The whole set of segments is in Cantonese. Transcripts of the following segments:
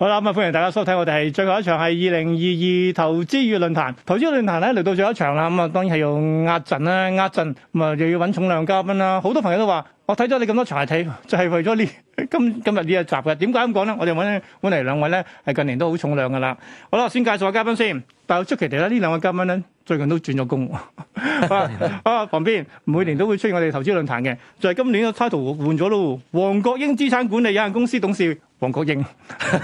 好啦，咁啊，歡迎大家收睇我哋係最後一場係二零二二投資與論壇。投資論壇咧嚟到最後一場啦，咁啊當然係要壓陣啦，壓陣咁啊又要揾重量嘉賓啦。好多朋友都話，我睇咗你咁多場睇，就係為咗呢今今日呢一集嘅。點解咁講咧？我哋揾揾嚟兩位咧係近年都好重量噶啦。好啦，先介紹下嘉賓先。但係出奇地咧，呢兩位嘉賓咧最近都轉咗工了。 啊，旁邊每年都會出現我哋投資論壇嘅，就係今年個 title 換咗咯。黃國英資產管理有限公司董事。黃國英，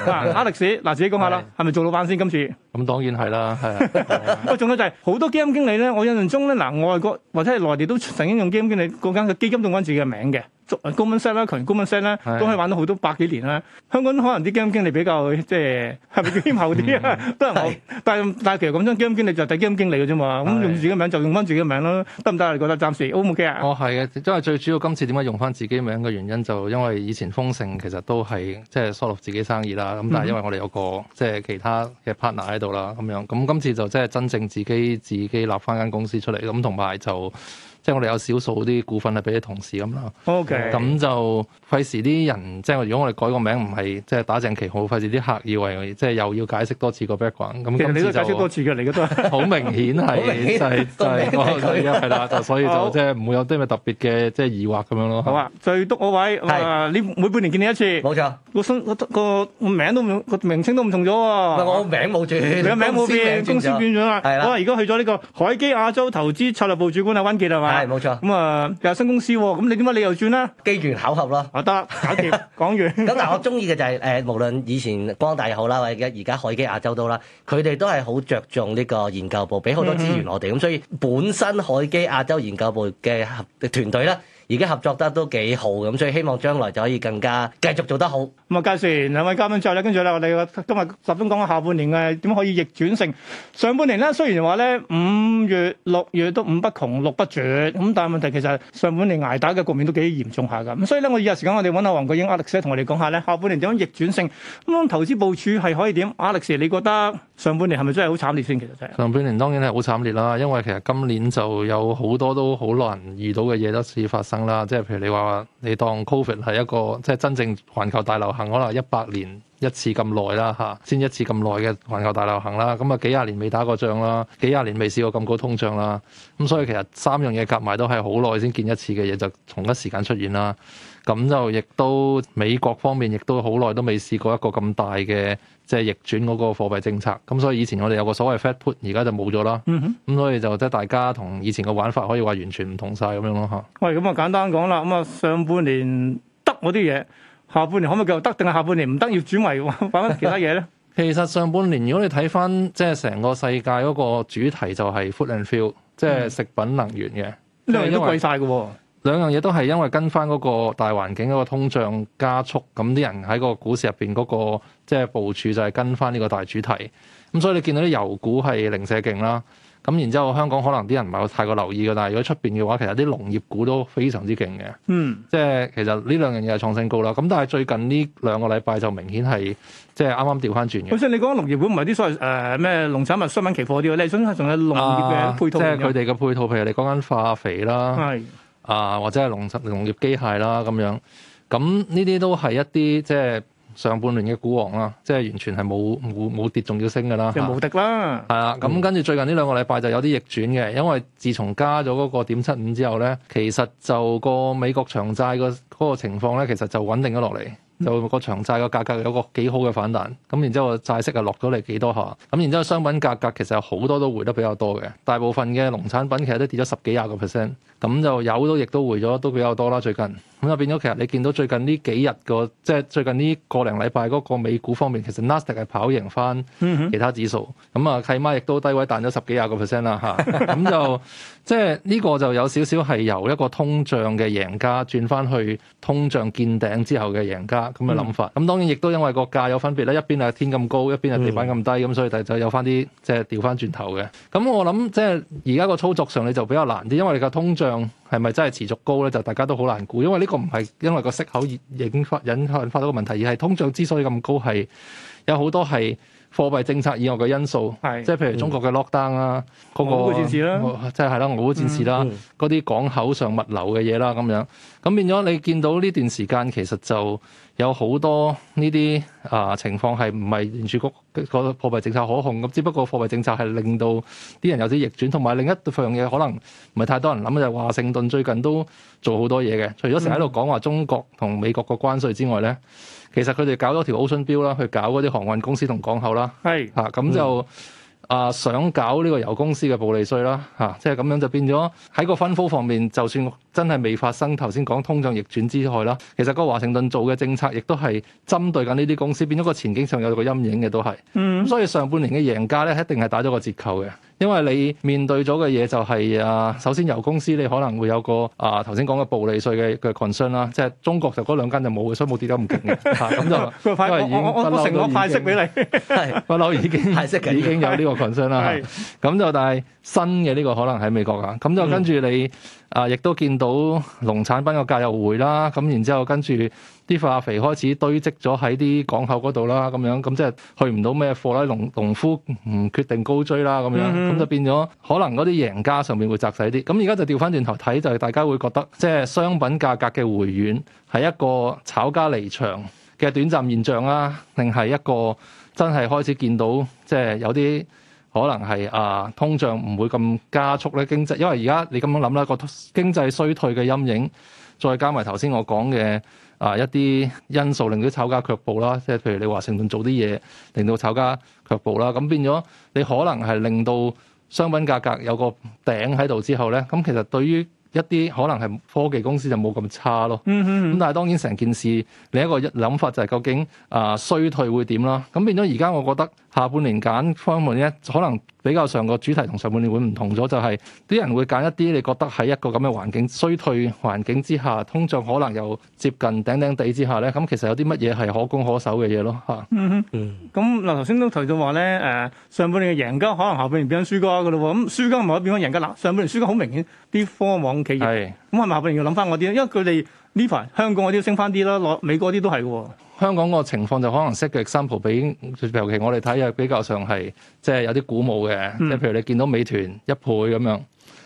啊，睇歷史嗱，自己講下啦，係咪是做老闆先 今次？咁、嗯、當然係啦，係。 哦，不過、仲有就係、是、好多基金經理咧，我印象中咧，嗱、呃，外國或者係內地都曾經用基金經理個間嘅基金仲翻自己嘅名嘅。做高文聲啦，強人高文聲啦，都可以玩到好多百幾年啦。香港可能啲基金經理比較即係係咪叫謙厚啲啊？是是 mm. 都係好， 但但係其實咁樣基金經理就係基金經理嘅啫嘛。咁用自己名就用翻自己名咯，得唔得啊？你覺得暫時 O 唔 O K 啊？哦，係嘅，即係最主要今次點解用翻自己名嘅原因，就因為以前豐盛其實都係即係疏落自己生意啦。咁但係因為我哋有個、mm. 即係其他嘅 partner 喺度啦，咁樣咁今次就即係真正自己自己立翻間公司出嚟，咁同埋就。即係我哋有少數啲股份係俾啲同事咁啦，OK，咁就費事啲人，即係如果我哋改個名唔係，即係打正旗號，費事啲客以為即係又要解釋多次個 background。其實你都解釋多次嘅，你嘅都係好明顯係就係就啦，就所以就即係唔會有啲咩特別嘅即係疑惑咁樣咯。好啊，最篤我位，係你每半年見你一次，冇錯，個身名都唔個名稱都唔同咗喎。我名冇轉，名冇變，公司變咗啦。好啊，而家去咗呢個凱基亞洲投資策略部主管阿溫傑係嘛？係冇錯，咁啊又有新公司，哦，咁你點解你又轉啦？機緣巧合我得，啊、搞掂。講 講完。咁但係我中意嘅就係，誒，無論以前光大又好啦，或者而家凱基亞洲都啦，佢哋都係好着重呢個研究部，俾好多資源我哋，咁，嗯嗯、所以本身凱基亞洲研究部嘅團隊咧。而家合作得都幾好咁，所以希望將來就可以更加繼續做得好。咁啊，介紹完兩位嘉賓先啦。跟住咧，我哋今日集中講下下半年嘅點可以逆轉勝。上半年咧雖然話咧五月六月都五不窮六不絕，咁但係問題其實上半年捱打嘅局面都幾嚴重下㗎。咁所以咧，我有時間我哋揾下黃國英 Alex 同我哋講下咧，下半年點樣逆轉勝？咁、嗯、投資部署係可以點？Alex，你覺得上半年係咪真係好慘烈先？其實，上半年當然係好慘烈啦，因為其實今年就有好多都好難遇到嘅嘢都似發生。啦，即係譬如你話你當 Covid 係一個即係真正環球大流行可能一百年一次咁耐啦吓，先一次咁耐嘅環球大流行啦，咁啊幾廿年未打過仗啦，幾廿年未試過咁高通脹啦，咁所以其實三樣嘢夾埋都係好耐先見一次嘅嘢，就同一時間出現啦，咁就亦都美國方面亦都好耐都未試過一個咁大嘅。即係逆轉嗰個貨幣政策，咁所以以前我哋有個所謂 Fed put，而家就冇咗啦。咁、嗯、哼所以就即係大家同以前嘅玩法可以話完全唔同晒咁樣咯吓，喂、嗯哼，咁啊簡單講啦，咁啊上半年得嗰啲嘢，下半年可唔可以繼續得？定係下半年唔得要轉為揾其他嘢咧？其實上半年如果你睇翻即係成個世界嗰個主題就係 food and fuel 即係食品能源嘅，兩樣都貴曬嘅。兩樣嘢都係因為跟翻嗰個大環境嗰個通脹加速，咁啲人喺個股市入邊嗰個即係部署就係跟翻呢個大主題。咁、嗯、所以你見到啲油股係零舍勁啦。咁然之後香港可能啲人唔係太過留意嘅，但係如果出邊嘅話，其實啲農業股都非常之勁嘅。嗯，即係其實呢兩樣嘢係創新高啦。咁但係最近呢兩個禮拜就明顯係即係啱啱調翻轉嘅。好似、嗯、你講農業股唔係啲所謂誒咩農產物商品期貨啲喎，你想係仲有農業嘅配套、啊？即係佢哋嘅配套，譬如你講緊化肥啦。係。啊，或者係農農農業機械啦咁樣，咁呢啲都係一啲即係上半年嘅股王、就是、啦，即係完全係冇冇冇跌仲要升㗎啦，就冇敵啦。係啦，咁跟住最近呢兩個禮拜就有啲逆轉嘅，因為自從加咗嗰個點七五之後咧，其實就個美國長債個嗰個情況咧，其實就穩定咗落嚟。就個長債個價格有個幾好嘅反彈，咁然之後債息又落咗嚟幾多下，咁然之後商品價格其實有好多都回得比較多嘅，大部分嘅農產品其實都跌咗十幾廿個 percent，咁就有都亦都回咗都比較多啦最近，咁就變咗其實你見到最近呢幾日個，即係最近呢個零禮拜嗰個美股方面，其實 Nasdaq 係跑贏翻其他指數，咁啊契媽亦都低位彈咗十幾廿個 percent 啦吓，咁就即係呢個就有少少係由一個通脹嘅贏家轉翻去通脹見頂之後嘅贏家。咁嘅諗法，咁當然亦都因為個價有分別咧，一邊係天咁高，一邊係地板咁低，咁、嗯、所以就就有翻啲即係調翻轉頭嘅。咁我諗即係而家個操作上你就比較難啲，因為你個通脹係咪真係持續高咧？就大家都好難估，因為呢個唔係因為個息口引發引發到個問題，而係通脹之所以咁高係有好多係。貨幣政策以外嘅因素，即係譬如中國嘅 lockdown 啊是，嗰、那個即係係啦，俄烏、嗯、戰事啦，嗰啲、嗯、港口上物流嘅嘢啦，咁樣，咁變咗你見到呢段時間其實就有好多呢啲啊情況係唔係聯儲局嗰個貨幣政策可控咁，只不過貨幣政策係令到啲人有啲逆轉，同埋另一樣嘢可能唔係太多人諗就係、是、華盛頓最近都做好多嘢嘅，除咗成日喺度講話中國同美國個關稅之外咧。嗯其實佢哋搞咗條 Ocean Bill 啦，去搞嗰啲航運公司同港口啦。係是啊，咁就、嗯、啊想搞呢個油公司嘅暴利稅啦。嚇、啊，即係咁樣就變咗喺個分科方面，就算真係未發生頭先講通脹逆轉之外啦，其實個華盛頓做嘅政策亦都係針對緊呢啲公司，變咗個前景上有個陰影嘅都係。嗯，所以上半年嘅贏家咧，一定係打咗個折扣嘅。因為你面對咗嘅嘢就係、是、啊，首先油公司你可能會有個啊頭先講嘅暴利稅嘅嘅 concern 啦，即係中國就嗰兩間就冇嘅，所以冇跌得咁勁嘅，咁 就都係我我我承諾派息俾你，係不嬲已經派息嘅，已經有呢個 concern 啦 是，咁就但係。新嘅呢個可能喺美國㗎，咁就跟住你啊，亦都見到農產品個價又回啦，咁然之後跟住啲化肥開始堆積咗喺啲港口嗰度啦，咁樣咁即係去唔到咩貨啦，農農夫唔決定高追啦，咁樣咁就變咗可能嗰啲贏家上面會窄細啲。咁而家就調翻轉頭睇，就係、是、大家會覺得即係、就是、商品價格嘅回軟係一個炒家離場嘅短暫現象啦，定係一個真係開始見到即係、就是、有啲。可能係啊，通脹唔會咁加速咧，經濟因為而家你咁樣諗咧，個經濟衰退嘅陰影，再加埋頭先我講嘅啊一啲因素，令到炒家卻步啦，即係譬如你華盛頓做啲嘢，令到炒家卻步啦，咁變咗你可能係令到商品價格有個頂喺度之後咧，咁其實對於一啲可能係科技公司就冇咁差咯。嗯嗯咁但係當然成件事，另一個諗法就係究竟啊衰退會點啦？咁變咗而家，我覺得。下半年揀方面咧，可能比較上個主題同上半年會唔同咗，就係啲人會揀一啲你覺得喺一個咁嘅環境衰退環境之下，通脹可能又接近頂頂地之下咧，咁其實有啲乜嘢係可攻可守嘅嘢咯嚇。嗯哼，咁嗱頭先都提到話咧，誒、呃、上半年嘅贏家可能下半年變咗輸家噶咯，咁輸家唔可以變咗贏家啦。上半年輸家好明顯啲科網企業，咁係咪下半年要諗翻嗰啲，因為佢哋呢排香港嗰啲升翻啲啦，攞美國嗰啲都係嘅喎。香港個情況就可能識嘅 example 畀，尤其我哋睇啊，比較上係即係有啲鼓舞嘅。即係、嗯、譬如你見到美團一倍咁樣，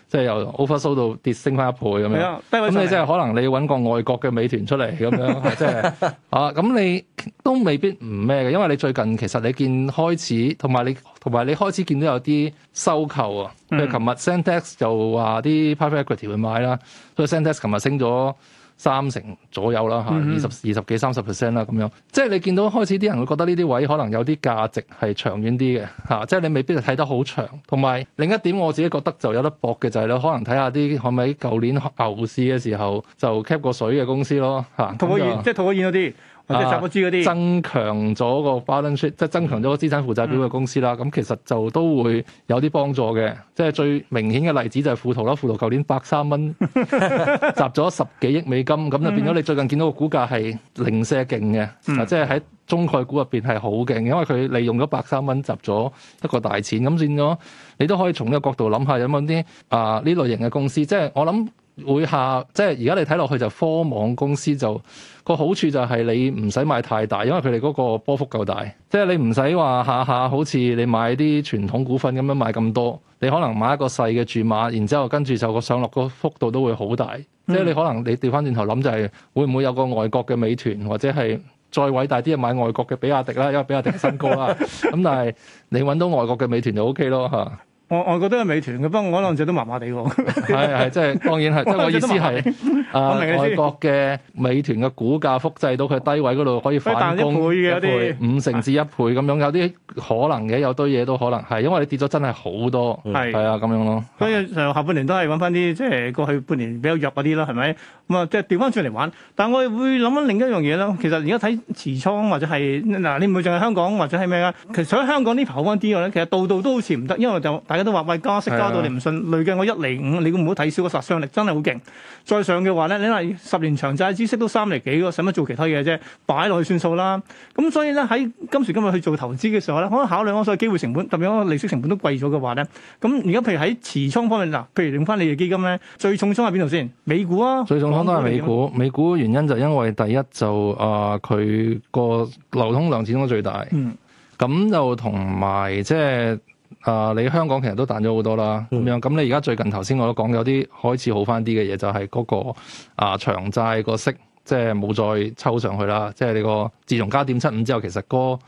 即係由 oversold 到跌升翻一倍咁樣。咁你即係可能你揾個外國嘅美團出嚟咁樣， 即係啊，咁你都未必唔咩嘅。因為你最近其實你見開始，同埋你同埋你開始見到有啲收購啊。你琴日 Zendesk 就話啲 private equity 去買啦，所以 Zendesk 琴日升咗。三成左右啦嚇，二十二十幾三十 percent 啦咁樣，即係你見到開始啲人會覺得呢啲位可能有啲價值係長遠啲嘅嚇，即係你未必係睇得好長。同埋另一點我自己覺得就有得搏嘅就係、是、咧，可能睇下啲可唔可以舊年牛市嘅時候就 cap 過水嘅公司咯嚇，套個現即係套個現嗰啲。即係嗰啲，增強咗個 balance sheet，即係增強咗個資產負債表嘅公司啦。咁、嗯、其實就都會有啲幫助嘅。即係最明顯嘅例子就係富途啦。富途舊年百三蚊集咗十幾億美金，咁、嗯、就變咗你最近見到個股價係零舍勁嘅。嗯、即係喺中概股入邊係好勁，因為佢利用咗百三蚊集咗一個大錢。咁變咗你都可以從呢個角度諗下，有冇啲啊呢類型嘅公司？即係我諗。會下，即係而家你睇落去就科網公司，就個好處就係你唔使買太大，因為佢哋嗰個波幅夠大，即係你唔使話下下好似你買啲傳統股份咁樣買咁多，你可能買一個細嘅注碼，然之後跟住就個上落個幅度都會好大。嗯、即係你可能你調翻轉頭諗就係會唔會有個外國嘅美團或者係再偉大啲嘅買外國嘅比亞迪啦，因為比亞迪新高啦。咁 但係你揾到外國嘅美團就 OK 咯嚇。我我覺得係美團嘅，不過我兩隻都麻麻地喎。係係，即係當然係，即係我意思係。啊！Uh, 明你外國嘅美團嘅股價複製到佢低位嗰度，可以反攻 一倍、 五成至一倍咁樣，有啲可能嘅，有堆嘢都可能係，因為你跌咗真係好多，係係是啊咁樣咯。所以就下半年都係揾翻啲即係過去半年比較弱嗰啲咯，係咪？咁、嗯、啊，即係調翻轉嚟玩。但係我會諗緊另一樣嘢咯。其實而家睇持倉或者係嗱，你唔會淨係香港或者係咩啊？其實想香港呢排好嗰啲嘅咧，其實度度都好似唔得，因為就大家都話喂加息加到你唔信，啊、累計我一釐五，你都唔好睇少個殺傷力，真係好勁。再上嘅。話咧，你話十年長債孳息都三厘幾咯，使乜做其他嘢啫擺落去算數啦。咁所以咧，喺今時今日去做投資嘅時候咧，可能考慮我所有機會成本，特別嗰個利息成本都貴咗嘅話咧，咁而家譬如喺持倉方面，嗱，譬如用翻你嘅基金咧，最重倉喺邊度先？美股啊，最重倉都係美股。美股原因就因為第一就啊，佢、呃、個流通量始終最大。嗯，咁就同埋即係。啊！你香港其實都彈咗好多啦，咁、嗯、樣咁你而家最近頭先我都講有啲開始好翻啲嘅嘢，就係嗰個啊長債個息即係冇再抽上去啦。即、就、係、是、你個自從加點七五之後，其實嗰、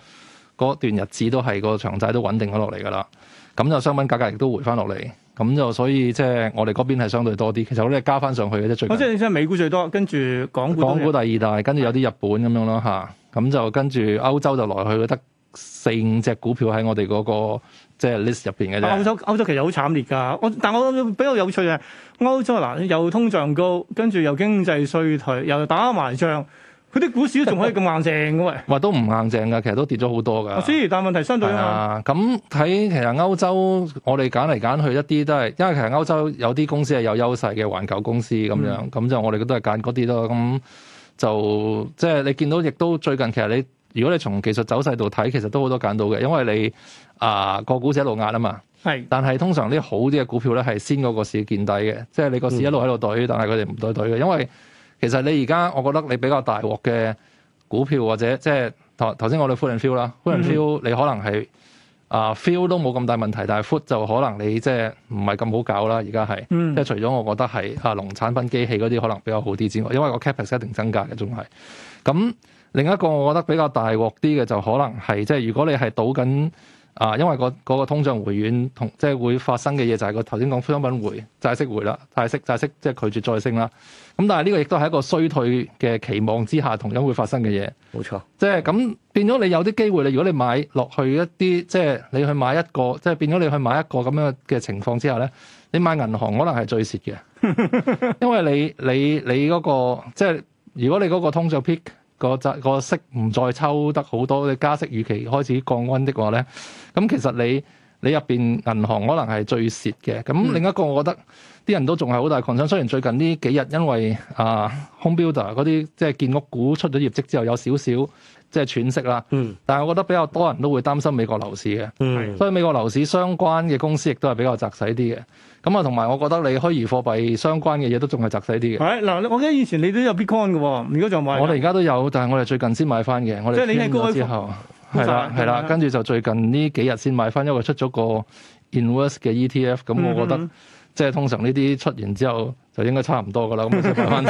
那個、段日子都係個長債都穩定咗落嚟噶啦。咁就商品價格亦都回翻落嚟，咁就所以即係我哋嗰邊係相對多啲。其實嗰啲加翻上去嘅啫。最、啊、即係即係美股最多，跟住港股，港股第二大，跟住有啲日本咁樣咯嚇。咁、嗯啊、就跟住歐洲就來去得四五隻股票喺我哋嗰、那個。即係 list 入邊嘅啫。歐洲歐洲其實好慘烈㗎。我但係我比較有趣嘅歐洲嗱，又通脹高，跟住又經濟衰退，又打埋仗，佢啲股市仲可以咁硬淨嘅喂？話 都唔硬淨㗎，其實都跌咗好多㗎。所以，但係問題相對啊。咁睇其實歐洲，我哋揀嚟揀去一啲都係，因為其實歐洲有啲公司係有優勢嘅環球公司咁樣，咁、嗯、就我哋都係揀嗰啲咯。咁就即、是、係你見到，亦都最近其實你如果你從技術走勢度睇，其實都好多揀到嘅，因為你。啊，個股市一路壓啊嘛，係是，但係通常啲好啲嘅股票咧係先嗰個市見底嘅，即係你個市一路喺度隊，嗯、但係佢哋唔對隊嘅，因為其實你而家我覺得你比較大鑊嘅股票或者即係頭頭先我哋 food and feel 啦 food and feel 你可能係啊、呃、feel 都冇咁大問題，但係 food 就可能你即係唔係咁好搞啦。而家係即係除咗我覺得係啊農產品機器嗰啲可能比較好啲之外，因為個 capex 一定增加嘅，仲係咁另一個我覺得比較大鑊啲嘅就可能係即係如果你係賭緊。啊，因為個嗰個通脹回軟同即係會發生嘅嘢就係個頭先講商品回、債息回啦，債息、債息即係拒絕再升啦。咁但係呢個亦都係一個衰退嘅期望之下同樣會發生嘅嘢。冇錯錯，即係咁變咗你有啲機會，你如果你買落去一啲即係你去買一個，即係變咗你去買一個咁樣嘅情況之下咧，你買銀行可能係最蝕嘅， 因為你你你嗰個即係如果你嗰個通脹 peak。個債息唔再抽得好多，加息預期開始降溫的話咧，咁其實你你入邊銀行可能係最蝕嘅。咁另一個，我覺得啲人都仲係好大狂想。雖然最近呢幾日因為啊，Homebuilder 嗰啲即係建屋股出咗業績之後，有少少。即係喘息啦，但係我覺得比較多人都會擔心美國樓市嘅，嗯、所以美國樓市相關嘅公司亦都係比較窄細啲嘅。咁啊，同埋我覺得你虛擬貨幣相關嘅嘢都仲係窄細啲嘅。係嗱，我記得以前你都有 Bitcoin 嘅，如果仲買？我哋而家都有，但係我哋最近先買翻嘅。即你我哋翻咗之後，係啦係啦，跟住就最近呢幾日先買翻，因為出咗個 Inverse 嘅 ETF，咁我覺、嗯、得。嗯嗯、即係通常呢啲出完之後就應該差唔多㗎喇，咁就買翻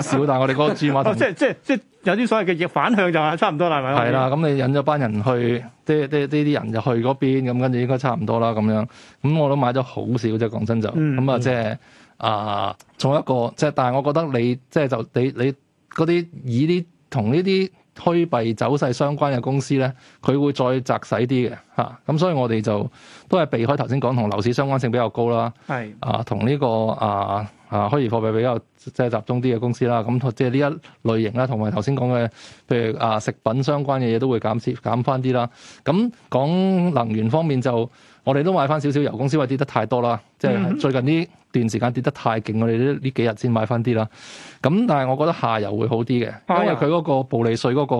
少少， 但係我哋嗰個豬碼、 哦、即係即係即係有啲所謂嘅嘢反向就係差唔多啦，係咪？ 係啦，咁你引咗班人去，即係即係呢啲人就去嗰邊，咁跟住應該差唔多啦，咁樣。咁我都買咗好少，嗯嗯、即係講真就咁啊，即係啊，仲有一個即係，但係我覺得你即係就你你嗰啲以啲同呢啲。虛幣走勢相關嘅公司咧，佢會再窄細啲嘅嚇，咁、啊、所以我哋就都係避開頭先講同樓市相關性比較高啦。係的啊，同呢、這個啊。啊，虛擬貨幣比較即係集中啲嘅公司啦，咁即係呢一類型啦，同埋頭先講嘅，譬如啊食品相關嘅嘢都會減少減翻啲啦。咁講能源方面就，我哋都買翻少少油公司，因為跌得太多啦，即係最近呢段時間跌得太勁，我哋呢呢幾日先買翻啲啦。咁但係我覺得下游會好啲嘅，因為佢嗰個暴利稅嗰個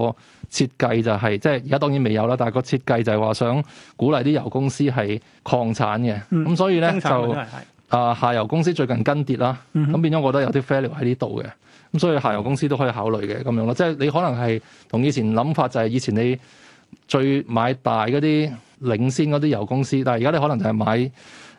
設計就係，即係而家當然未有啦，但係個設計就係話想鼓勵啲油公司係擴產嘅，咁所以咧就係。啊，下游公司最近跟跌啦，咁變咗，我覺得有啲 value 喺呢度嘅，咁所以下游公司都可以考慮嘅，咁樣咯，即係你可能係同以前諗法就係以前你最買大嗰啲領先嗰啲油公司，但係而家你可能就係買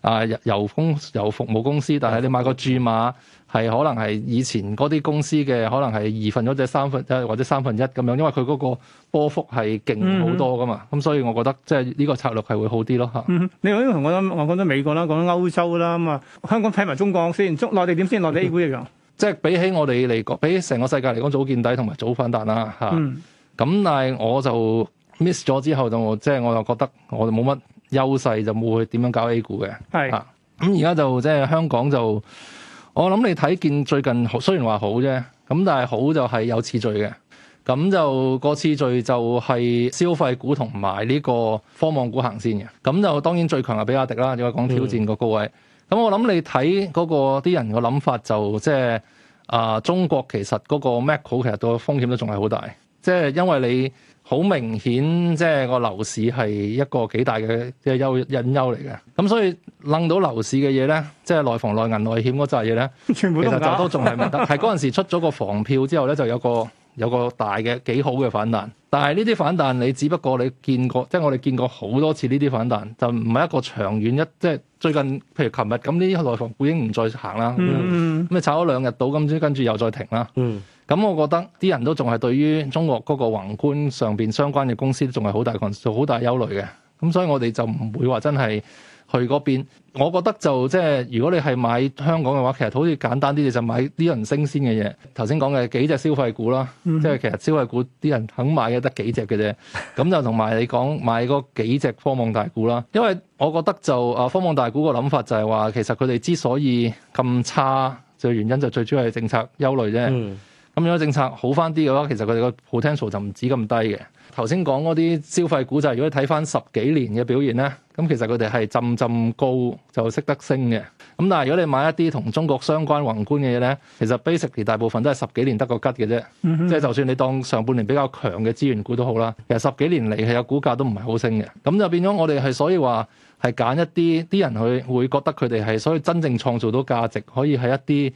啊油公油服務公司，但係你買個注碼。係可能係以前嗰啲公司嘅，可能係二分咗隻三分一，或者三分一咁樣，因為佢嗰個波幅係勁好多噶嘛，咁、嗯、哼所以我覺得即係呢個策略係會好啲咯吓、嗯。你可以同我諗，我講咗美國啦，講咗歐洲啦，咁啊香港睇埋中國先，中內地點先，內地 A 股一樣。嗯、即係比起我哋嚟講，比起成個世界嚟講，早見底同埋早反彈啦吓。咁、啊嗯、但係我就 miss 咗之後，就即係我又覺得我就冇乜優勢，就冇去點樣搞 A 股嘅。係啊，咁而家就即係香港就。我諗你睇見最近好雖然話好啫，咁但係好就係有次序嘅，咁就個次序就係消費股同埋呢個科網股行先嘅，咁就當然最強係比亞迪啦，又話講挑戰個高位，咁我諗你睇嗰個啲人個諗法就即係啊，中國其實嗰個 Mac 好，其實個風險都仲係好大，即係因為你好明顯即係個樓市係一個幾大嘅嘅隱憂嚟嘅，咁所以。楞到樓市嘅嘢咧，即係內房、內銀、內險嗰扎嘢咧，全部其實就都仲係唔得。係嗰陣時出咗個房票之後咧，就有個有個大嘅幾好嘅反彈。但係呢啲反彈，你只不過你見過，即係我哋見過好多次呢啲反彈，就唔係一個長遠一即係最近。譬如琴日咁，啲內房股已經唔再行啦，咁咪、嗯、炒咗兩日到，咁跟住又再停啦。咁、嗯、我覺得啲人都仲係對於中國嗰個宏觀上面相關嘅公司，仲係好大困抗，好大憂慮嘅。咁所以我哋就唔會話真係。佢嗰邊，我覺得就即係如果你係買香港嘅話，其實好似簡單啲，你就買啲人新鮮嘅嘢。頭先講嘅幾隻消費股啦， 即係其實消費股啲人肯買嘅得幾隻嘅啫。咁就同埋你講買嗰幾隻科網大股啦，因為我覺得就啊，科網大股個諗法就係話，其實佢哋之所以咁差就原因就最主要係政策憂慮啫。 咁樣政策好翻啲嘅話，其實佢哋個 potential 就唔止咁低嘅。頭先講嗰啲消費股就係如果你睇翻十幾年嘅表現咧，咁其實佢哋係浸浸高就識得升嘅。咁但係如果你買一啲同中國相關宏觀嘅嘢咧，其實 basically 大部分都係十幾年得個吉嘅啫。即係、嗯、哼就，就算你當上半年比較強嘅資源股都好啦，其實十幾年嚟係有股價都唔係好升嘅。咁就變咗我哋係所以話係揀一啲啲人去會覺得佢哋係所以真正創造到價值，可以係一啲。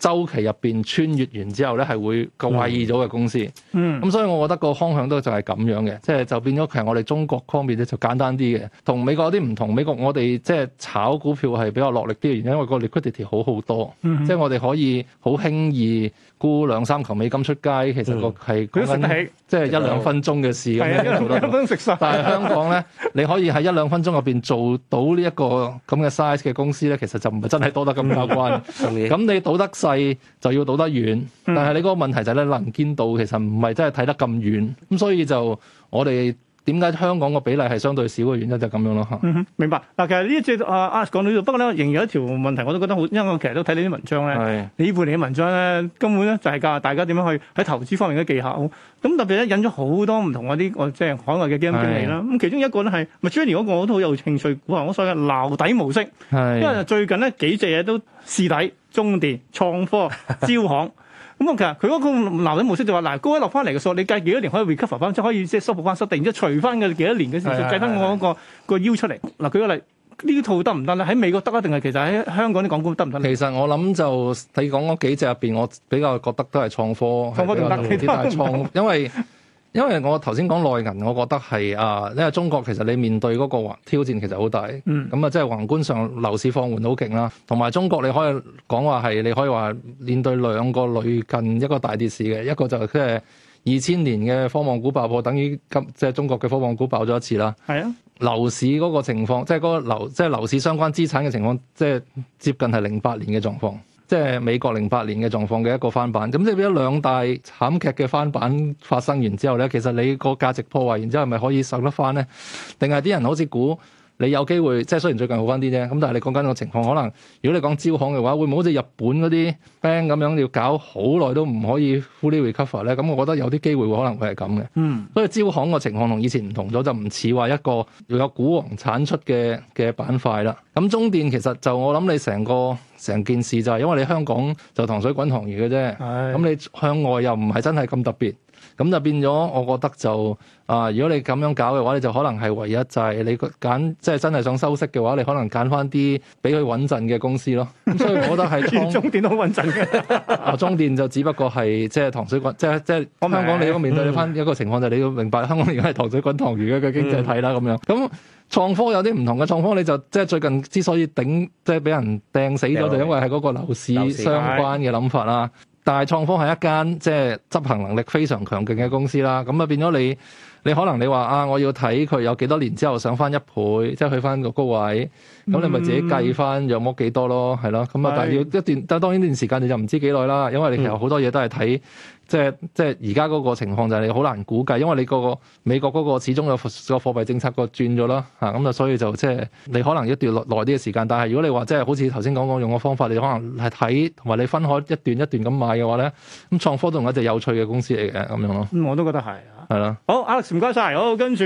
周期入邊穿越完之後咧，係會貴咗嘅公司。Mm hmm. 嗯，咁所以我覺得個方向都就係咁樣嘅，即係就變咗其實我哋中國方面咧就簡單啲嘅，同美國啲唔同。美國我哋即係炒股票係比較落力啲嘅原因，因為個 liquidity 好好多，即係、mm hmm. 我哋可以好輕易。估兩三球美金出街，其實個係講緊即係一兩分鐘嘅事咁樣，但係香港咧， 你可以喺一兩分鐘入邊做到呢一個咁嘅 size 嘅公司咧，其實就唔係真係多得咁交關。咁 你賭得細就要賭得遠， 但係你嗰個問題就係咧， 能見度其實唔係真係睇得咁遠，咁所以就我哋。點解香港個比例係相對少嘅原因就係咁樣咯吓。嗯哼，明白。嗱，其實呢一集阿阿講到呢度，不過咧仍然有一條問題，我都覺得好，因為我其實都睇你啲文章咧。係。是的 你呢半年嘅文章咧，根本咧就係教大家點樣去喺投資方面嘅技巧。咁特別咧引咗好多唔同嘅啲，即係海外嘅基金經理啦。咁是的 其中一個咧係咪朱一連嗰個我都好有興趣，估下我所謂嘅「撈底模式，因為最近呢幾隻嘢都試底，中電、創科、招行。 咁其實佢嗰個樓頂模式就話，嗱，高位落翻嚟嘅數，你計幾多年可以 recover 翻，即可以即係收復翻失地，突然之間除翻嘅幾多年嘅時候就計翻我嗰個腰出嚟。嗱，舉個例，呢套得唔得咧？喺美國得啊，定係其實喺香港啲港股得唔得？其實我諗就你講嗰幾隻入邊，我比較覺得都係創科，創比較啲大創，因為。 因為我頭先講內銀，我覺得係啊，因為中國其實你面對嗰個挑戰其實好大，咁啊即係宏觀上樓市放緩好勁啦，同埋中國你可以講話係你可以話面對兩個類近一個大跌市嘅，一個就即係二千年嘅科網股爆破，等於今即係中國嘅科網股爆咗一次啦。係啊，樓市嗰個情況，即係嗰個樓即係樓市相關資產嘅情況，即係接近係零八年嘅狀況。即係美國零八年嘅狀況嘅一個翻版，咁即係如果兩大慘劇嘅翻版發生完之後咧，其實你個價值破壞然之後，係咪可以受得翻咧？定係啲人好似估？你有機會，即係雖然最近好返啲啫，咁但係你講緊個情況，可能如果你講招行嘅話，會唔會好似日本嗰啲 bank 咁樣要搞好耐都唔可以 full recovery 咧？咁我覺得有啲機會會可能會係咁嘅。嗯，所以招行個情況同以前唔同咗，就唔似話一個要有股王產出嘅嘅板塊啦。咁中電其實就我諗你成個成件事就係、是、因為你香港就糖水滾糖魚嘅啫，咁是你向外又唔係真係咁特別。咁就變咗，我覺得就啊，如果你咁樣搞嘅話，你就可能係唯一就係你揀，即係真係想收息嘅話，你可能揀翻啲比佢穩陣嘅公司咯。所以，我覺得係中電都好穩陣嘅。啊，中電就只不過係即係塘水滾，即係即係香港你一個面對翻一個情況就、嗯、你要明白，香港而家係塘水滾塘魚嘅經濟體啦咁、嗯、樣。咁創科有啲唔同嘅創科，你就即係最近之所以頂即係俾人掟死咗，嗯、就因為係嗰個樓市相關嘅諗法啦。但創科係一間即係執行能力非常強勁嘅公司啦，咁啊變咗你，你可能你話啊，我要睇佢有幾多年之後上翻一倍，即係去翻個高位，咁你咪自己計翻有冇幾多咯，係咯，咁啊但係要一段，但係當然呢段時間你就唔知幾耐啦，因為你其實好多嘢都係睇。即係即係而家嗰個情況就係你好難估計，因為你個個美國嗰個始終有個貨幣政策個轉咗啦，嚇咁就所以就即係你可能一段耐耐啲嘅時間。但係如果你話即係好似頭先講講用嘅方法，你可能係睇同埋你分開一段一段咁買嘅話咧，咁創科都係一隻有趣嘅公司嚟嘅咁樣咯。嗯，我都覺得係。係啦，好 Alex 唔該晒，好跟住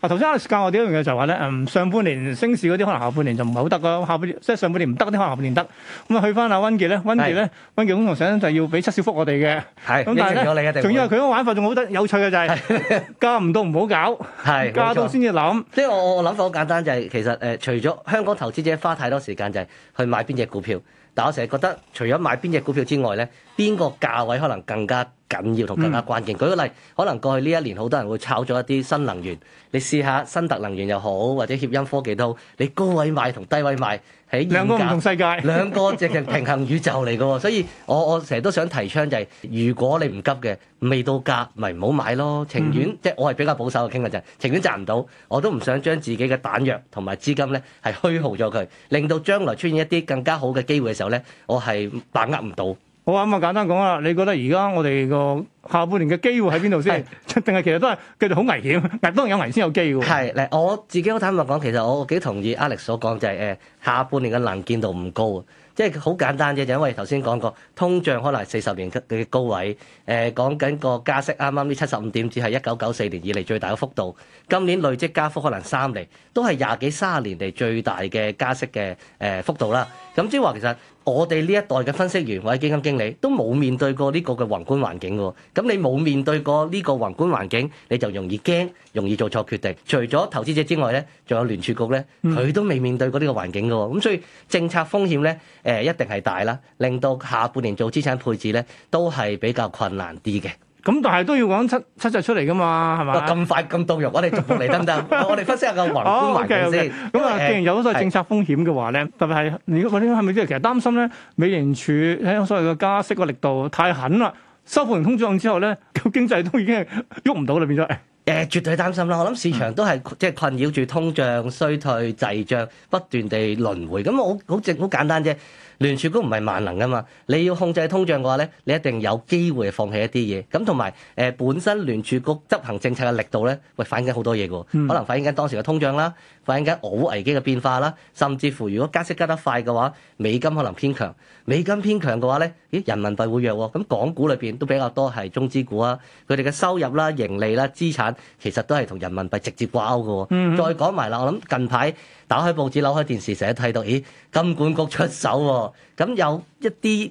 啊，頭先 Alex 教我哋一樣嘢就係話咧，嗯，上半年升市嗰啲可能下半年就唔係好得噶，下半年即係上半年唔得啲可能下半年得，咁啊去翻阿溫杰咧，溫杰咧，溫杰總同想就要俾七小福我哋嘅，係的，咁但係咧，仲因佢個玩法仲好得有趣嘅就係、是，是的 加唔到唔好搞，係，加到先至諗，即係 我我諗法好簡單就係、是，其實誒、呃，除咗香港投資者花太多時間就係去買邊隻股票。但我成日覺得，除咗買邊隻股票之外咧，邊個價位可能更加緊要同更加關鍵。嗯、舉個例，可能過去呢一年好多人會炒咗一啲新能源，你試下新特能源又好，或者協鑫科技都好，你高位買同低位買。兩個唔同世界， 兩個直係平衡宇宙嚟㗎，所以我我成日都想提倡就係、是，如果你唔急嘅，未到價，咪唔好買咯。情願、嗯、即係我係比較保守嘅傾向就情願賺唔到，我都唔想將自己嘅彈藥同埋資金咧係虛耗咗佢，令到將來出現一啲更加好嘅機會嘅時候咧，我係把握唔到。好啊咁啊，簡單講啦，你覺得而家我哋個下半年嘅機會喺邊度先？定係 是其實都係叫做好危險，危當然有危先有機喎。係，嚟我自己好坦白講，其實我幾同意 Alex 所講、就是，就係誒下半年嘅能見度唔高啊，即係好簡單啫，就因為頭先講過通脹可能係四十年嘅高位，誒講緊個加息啱啱呢七十五點，只係一九九四年以嚟最大嘅幅度，今年累積加幅可能三厘，都係廿幾三十年嚟最大嘅加息嘅誒幅度啦。咁即係話其實。我哋呢一代嘅分析員或者基金經理都冇面對過呢個嘅宏觀環境喎，咁你冇面對過呢個宏觀環境，你就容易驚，容易做錯決定。除咗投資者之外呢，仲有聯儲局呢，佢都未面對過呢個環境嘅喎，咁所以政策風險呢，誒一定係大啦，令到下半年做資產配置呢，都係比較困難啲嘅。咁但係都要講七,七隻出嚟噶嘛，係嘛？咁快咁到肉，我哋逐步嚟得唔得？我哋分析下個宏觀環境先。咁啊，既然有咗個政策風險嘅話咧，特別係你嗰啲係咪即係其實擔心咧？美聯儲喺所謂嘅加息嘅力度太狠啦，收復完通脹之後咧，個經濟都已經喐唔到啦，變咗。誒，絕對擔心啦！我諗市場都係即係困擾住通脹、衰退、滯脹不斷地輪迴。咁我好好正好簡單啫，聯儲局唔係萬能噶嘛。你要控制通脹嘅話咧，你一定有機會放棄一啲嘢。咁同埋誒，本身聯儲局執行政策嘅力度咧，喂，反映緊好多嘢嘅喎，嗯、可能反映緊當時嘅通脹啦。突然間俄烏危機嘅變化啦，甚至乎如果加息加得快嘅話，美金可能偏強。美金偏強嘅話咧，咦人民幣會弱喎、哦。咁港股裏邊都比較多係中資股啊，佢哋嘅收入啦、啊、盈利啦、啊、資產其實都係同人民幣直接掛鈎嘅、哦。嗯嗯再講埋啦，我諗近排打開報紙、扭開電視，成日睇到咦金管局出手喎、哦，咁有一啲。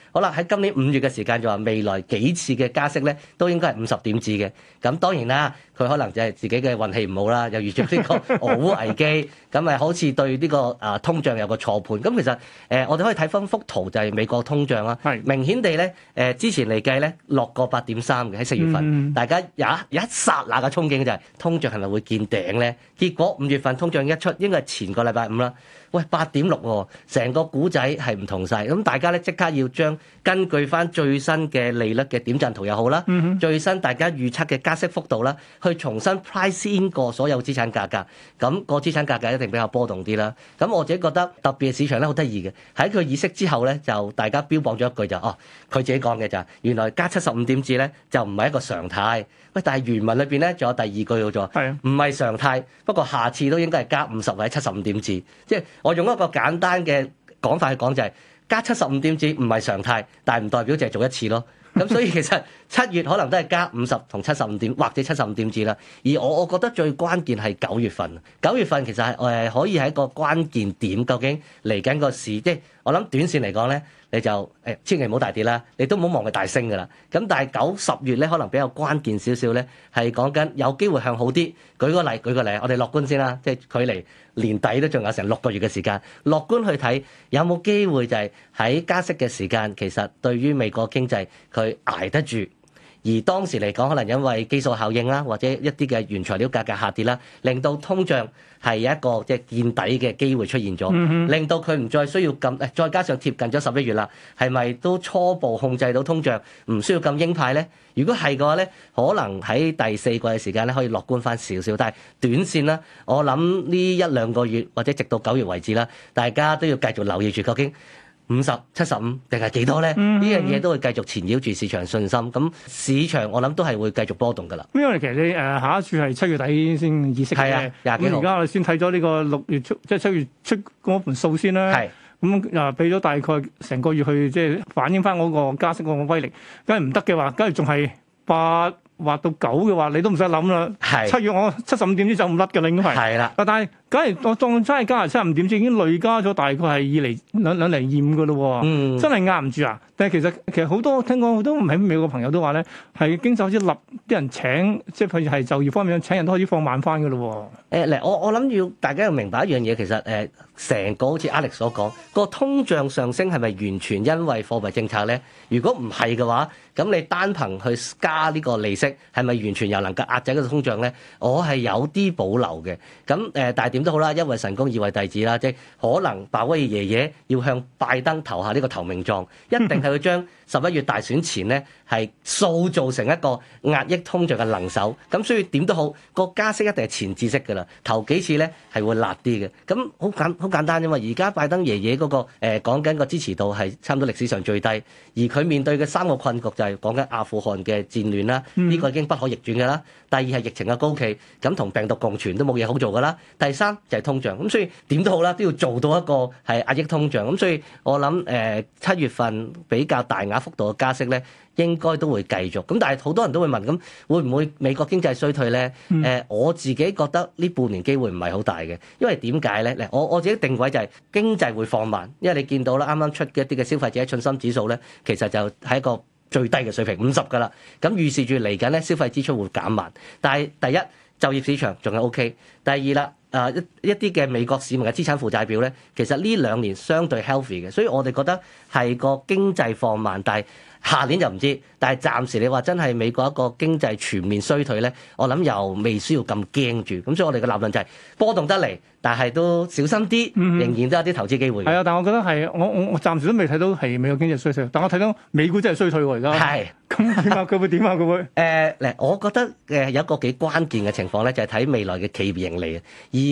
好啦，喺今年五月嘅時間就話未來幾次嘅加息咧，都應該係五十點子嘅。咁當然啦，佢可能就係自己嘅運氣唔好啦，又遇着呢個俄烏危機，咁咪 好似對呢、呢個啊通脹有個錯判。咁其實誒、呃，我哋可以睇翻幅圖就係美國通脹啦、啊，係是明顯地咧誒、呃，之前嚟計咧落過八點三嘅喺四月份，嗯、大家有一剎那嘅憧憬就係通脹係咪會見頂咧？結果五月份通脹一出，應該係前個禮拜五啦。喂，八點六喎，成個故仔係唔同晒。咁大家咧即刻要將根據翻最新嘅利率嘅點陣圖又好啦，嗯、哼最新大家預測嘅加息幅度啦，去重新 price in 過所有資產價格，咁個資產價格一定比較波動啲啦。咁我自己覺得特別市場咧好得意嘅，喺佢議息之後咧就大家標榜咗一句就，哦，佢自己講嘅就原來加七十五點字咧就唔係一個常態，喂，但係原文裏邊咧仲有第二句叫做，唔係是常態，不過下次都應該係加五十或者七十五點字，即係。我用一個簡單嘅講法去講就係，加七十五點子唔係常態，但係唔代表就係做一次咯。咁所以其實。七月可能都係加五十同七十五點或者七十五點至啦，而我我覺得最關鍵係九月份，九月份其實係誒可以係一個關鍵點。究竟嚟緊個市即係我諗短線嚟講咧，你就誒千祈唔好大跌啦，你都唔好望佢大升噶啦。咁但係九十月咧可能比較關鍵少少咧，係講緊有機會向好啲。舉個例，舉個例，我哋樂觀先啦，即係距離年底都仲有成六個月嘅時間，樂觀去睇有冇機會就係喺加息嘅時間，其實對於美國經濟佢捱得住。而當時嚟講，可能因為基數效應啦，或者一啲嘅原材料價格下跌啦，令到通脹係有一個即係、就是、見底嘅機會出現咗，嗯、哼令到佢唔再需要咁誒，再加上貼近咗十一月啦，係咪都初步控制到通脹，唔需要咁鷹派呢？如果係嘅話呢可能喺第四季嘅時間咧可以樂觀翻少少，但係短線啦，我諗呢一兩個月或者直到九月為止啦，大家都要繼續留意住究竟。五十七十五定係幾多咧？呢樣嘢都會繼續纏繞住市場信心。咁市場我諗都係會繼續波動噶啦。因為其實你誒、呃、下一次係七月底先議息嘅，廿、啊、幾號而家、嗯、我哋先睇咗呢個六月出即係七月出嗰盤數先啦。咁是、嗯、啊俾咗大概成個月去即係反映翻嗰個加息嗰個威力。梗係唔得嘅話，梗係仲係八。話到九嘅話，你都唔使諗啦。是七月我七十五點先走唔甩嘅，應該係。係啦的，但係梗係當當真係加廿七十五點，已經累加咗大概係二釐兩兩釐二五嘅咯。嗯，真係壓唔住啊！但係其實其實好多聽講好多唔喺美國朋友都話咧，係經濟好似立啲人請，即係譬如係就業方面請人都可以放慢翻嘅咯。誒、欸，嗱，我我諗要大家要明白一樣嘢，其實誒，成、呃、個好似 Alex 所講，個通脹上升係咪完全因為貨幣政策咧？如果唔係嘅話，咁你單憑去加呢個利息，係咪完全又能夠壓制嗰個通脹呢？我係有啲保留嘅。咁誒、呃，但係點都好啦，一為神功，二為弟子啦，即係可能鮑威爺爺要向拜登投下呢個投名狀，一定係會將十一月大選前呢係塑造成一個壓抑通脹嘅能手。咁所以點都好，個加息一定係前置式嘅啦。頭幾次呢係會辣啲嘅。咁好簡好簡單啫嘛。而家拜登爺爺嗰個誒講緊個支持度係差唔多歷史上最低，而佢。佢面對嘅三個困局就係講緊阿富汗嘅戰亂啦，呢個已經不可逆轉嘅啦。第二係疫情嘅高企，咁同病毒共存都冇嘢好做嘅啦。第三就係通脹，咁所以點都好啦，都要做到一個係壓抑通脹。咁所以我諗誒，七月份比較大額幅度嘅加息咧。應該都會繼續咁，但係好多人都會問咁，會唔會美國經濟衰退呢？誒、嗯呃，我自己覺得呢半年機會唔係好大嘅，因為點解呢？嗱，我我自己定位就係經濟會放慢，因為你見到啦，啱啱出嘅一啲嘅消費者信心指數呢，其實就係一個最低嘅水平五十噶啦，咁預示住嚟緊呢消費支出會減慢。但係第一就業市場仲係 OK，第二啦誒、啊、一啲嘅美國市民嘅資產負債表呢，其實呢兩年相對 healthy 嘅，所以我哋覺得係個經濟放慢，但係。下年就唔知，但係暫時你話真係美國一個經濟全面衰退咧，我諗又未需要咁驚住。咁所以我哋嘅立論就係波動得嚟，但係都小心啲，嗯、仍然都有啲投資機會。係啊，但係我覺得係，我我我暫時都未睇到係美國經濟衰退，但我睇到美股真係衰退喎而家。係，咁點佢會點啊？佢會？誒，嗱，我覺得誒有一個幾關鍵嘅情況咧，就係、是、睇未來嘅企業盈利。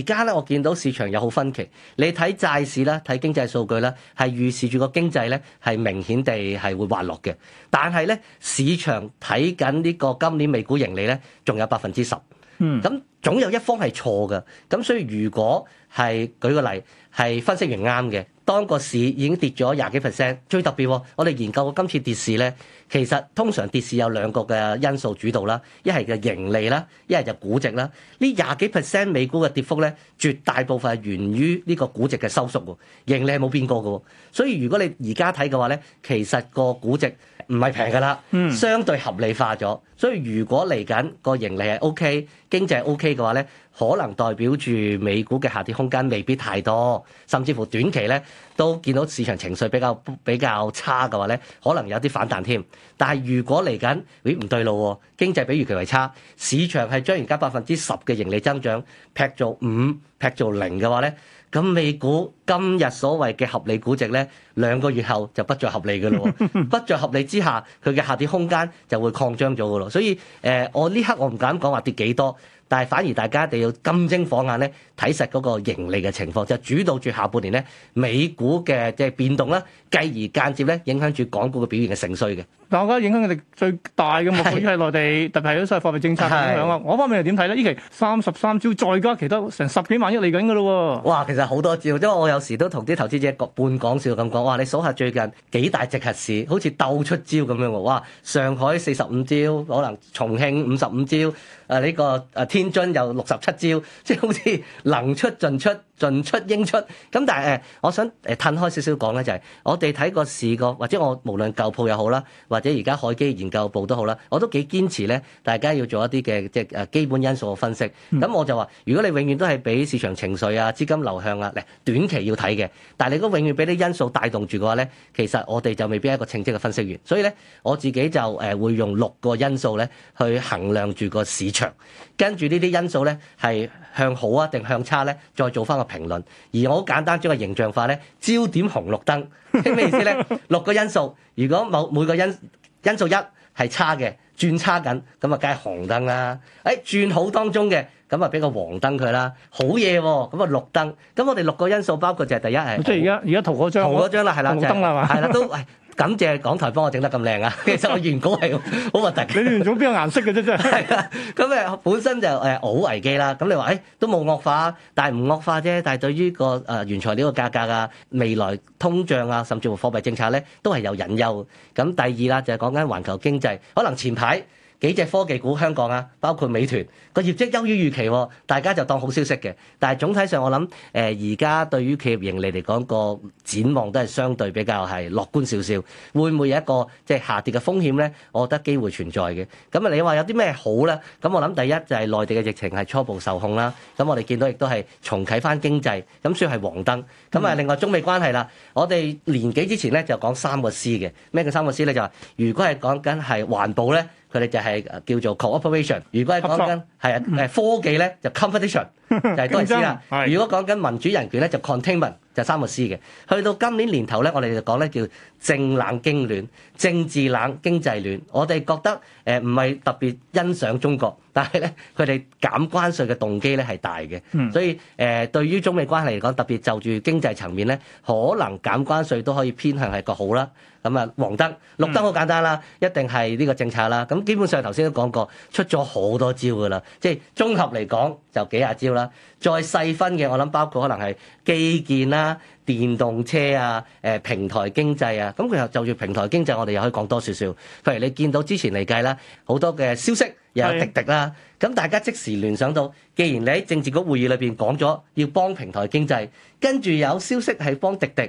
而家咧，我見到市場有好分歧。你睇債市啦，睇經濟數據啦，係預示住個經濟咧係明顯地係會滑落嘅。但係咧，市場睇緊呢個今年美股盈利咧，仲有百分之十。嗯，咁總有一方係錯嘅。咁所以如果係舉個例係分析員啱嘅，當個市已經跌咗廿幾 percent，最特別我哋研究過今次跌市咧，其實通常跌市有兩個嘅因素主導啦，一係嘅盈利啦，一係就估值啦。呢廿幾 percent 美股嘅跌幅咧，絕大部分係源於呢個估值嘅收縮喎，盈利係冇變過嘅。所以如果你而家睇嘅話咧，其實個估值，唔係平噶啦，相對合理化咗，所以如果嚟緊個盈利係 O K、經濟係 O K 嘅話咧，可能代表住美股嘅下跌空間未必太多，甚至乎短期咧都見到市場情緒比較比較差嘅話咧，可能有啲反彈添。但係如果嚟緊咦唔對路喎、啊，經濟比預期為差，市場係將而家百分之十嘅盈利增長劈做五、劈做零嘅話咧。咁美股今日所謂嘅合理估值咧，兩個月後就不再合理嘅咯，不再合理之下，佢嘅下跌空間就會擴張咗嘅咯，所以誒、呃，我呢刻我唔敢講話跌幾多。但係反而大家一定要金睛火眼咧，睇實嗰個盈利嘅情況，就主導住下半年咧美股嘅即係變動啦，繼而間接咧影響住港股嘅表現嘅盛衰嘅。但我覺得影響力最大嘅目標係內地，是特別係都係貨幣政策咁樣啊。是我方面又點睇咧？依期三十三招再加其他成十幾萬億嚟緊㗎咯喎。哇！其實好多招，因為我有時都同啲投資者各半講笑咁講，哇！你數下最近幾大直轄市，好似鬥出招咁樣喎。哇！上海四十五招，可能重慶五十五招。啊！呢個啊，天津有六十七招，即係好似能出盡出。進出應出，咁但係誒、呃，我想誒褪開少少講咧，就係我哋睇個市個，或者我無論舊鋪又好啦，或者而家凱基研究部都好啦，我都幾堅持咧，大家要做一啲嘅即係誒基本因素嘅分析。咁我就話，如果你永遠都係俾市場情緒啊、資金流向啊，嗱短期要睇嘅，但係你都永遠俾啲因素帶動住嘅話咧，其實我哋就未必係一個稱職嘅分析員。所以咧，我自己就誒會用六個因素咧去衡量住個市場。跟住呢啲因素咧，係向好啊定向差咧，再做翻個評論。而我好簡單將個形象化咧，焦點紅綠燈，聽咩意思咧？ 六個因素，如果某每個因因素一係差嘅，轉差緊，咁啊梗係紅燈啦、啊。誒、哎、轉好當中嘅，咁啊俾個黃燈佢啦。好嘢喎、啊，咁、嗯、啊綠燈。咁我哋六個因素包括就係第一係，即係而家而家圖嗰張圖嗰張啦，係啦，就係綠燈啦嘛，係啦都。都感謝港台幫我整得咁靚啊！其實我原稿係好核突嘅。你原稿邊個顏色嘅啫？真係。係啊，咁誒本身就誒好危機啦。咁你話誒都冇惡化，但係唔惡化啫。但係對於個誒原材料嘅價格啊、未來通脹啊，甚至乎貨幣政策咧，都係有引誘。咁第二啦，就係講緊環球經濟，可能前排。幾隻科技股香港啊，包括美團個業績優於預期、啊，大家就當好消息嘅。但係總體上我諗，誒而家對於企業盈利嚟講，個展望都係相對比較係樂觀少少。會唔會有一個即係下跌嘅風險呢？我覺得機會存在嘅。咁啊，你話有啲咩好呢？咁我諗第一就係內地嘅疫情係初步受控啦。咁我哋見到亦都係重啟翻經濟，咁算係黃燈。咁啊，另外中美關係啦，我哋年幾之前呢，就講三個 C 嘅。咩叫三個 C 呢？就係、是、如果係講緊係環保呢，佢哋就係叫做 cooperation。如果係講緊係啊，係科技咧 就 competition，就係多個詞啦。 如果講緊民主人權咧就 containment，就三個 C 嘅。去到今年年頭咧，我哋就講咧叫政冷經暖，政治冷經濟暖。我哋覺得誒唔係特別欣賞中國，但係咧佢哋減關稅嘅動機咧係大嘅，所以誒、呃、對於中美關係嚟講，特別就住經濟層面咧，可能減關稅都可以偏向係個好啦。咁啊，黃燈、綠燈好簡單啦，一定係呢個政策啦。咁基本上頭先都講過，出咗好多招噶啦。即係綜合嚟講，就幾廿招啦。再細分嘅，我諗包括可能係基建啦、電動車啊、誒平台經濟啊。咁其實就住平台經濟，經濟我哋又可以講多少少。譬如你見到之前嚟計啦，好多嘅消息又有滴滴啦。咁是的 大家即時聯想到，既然你喺政治局會議裏邊講咗要幫平台經濟，跟住有消息係幫滴滴，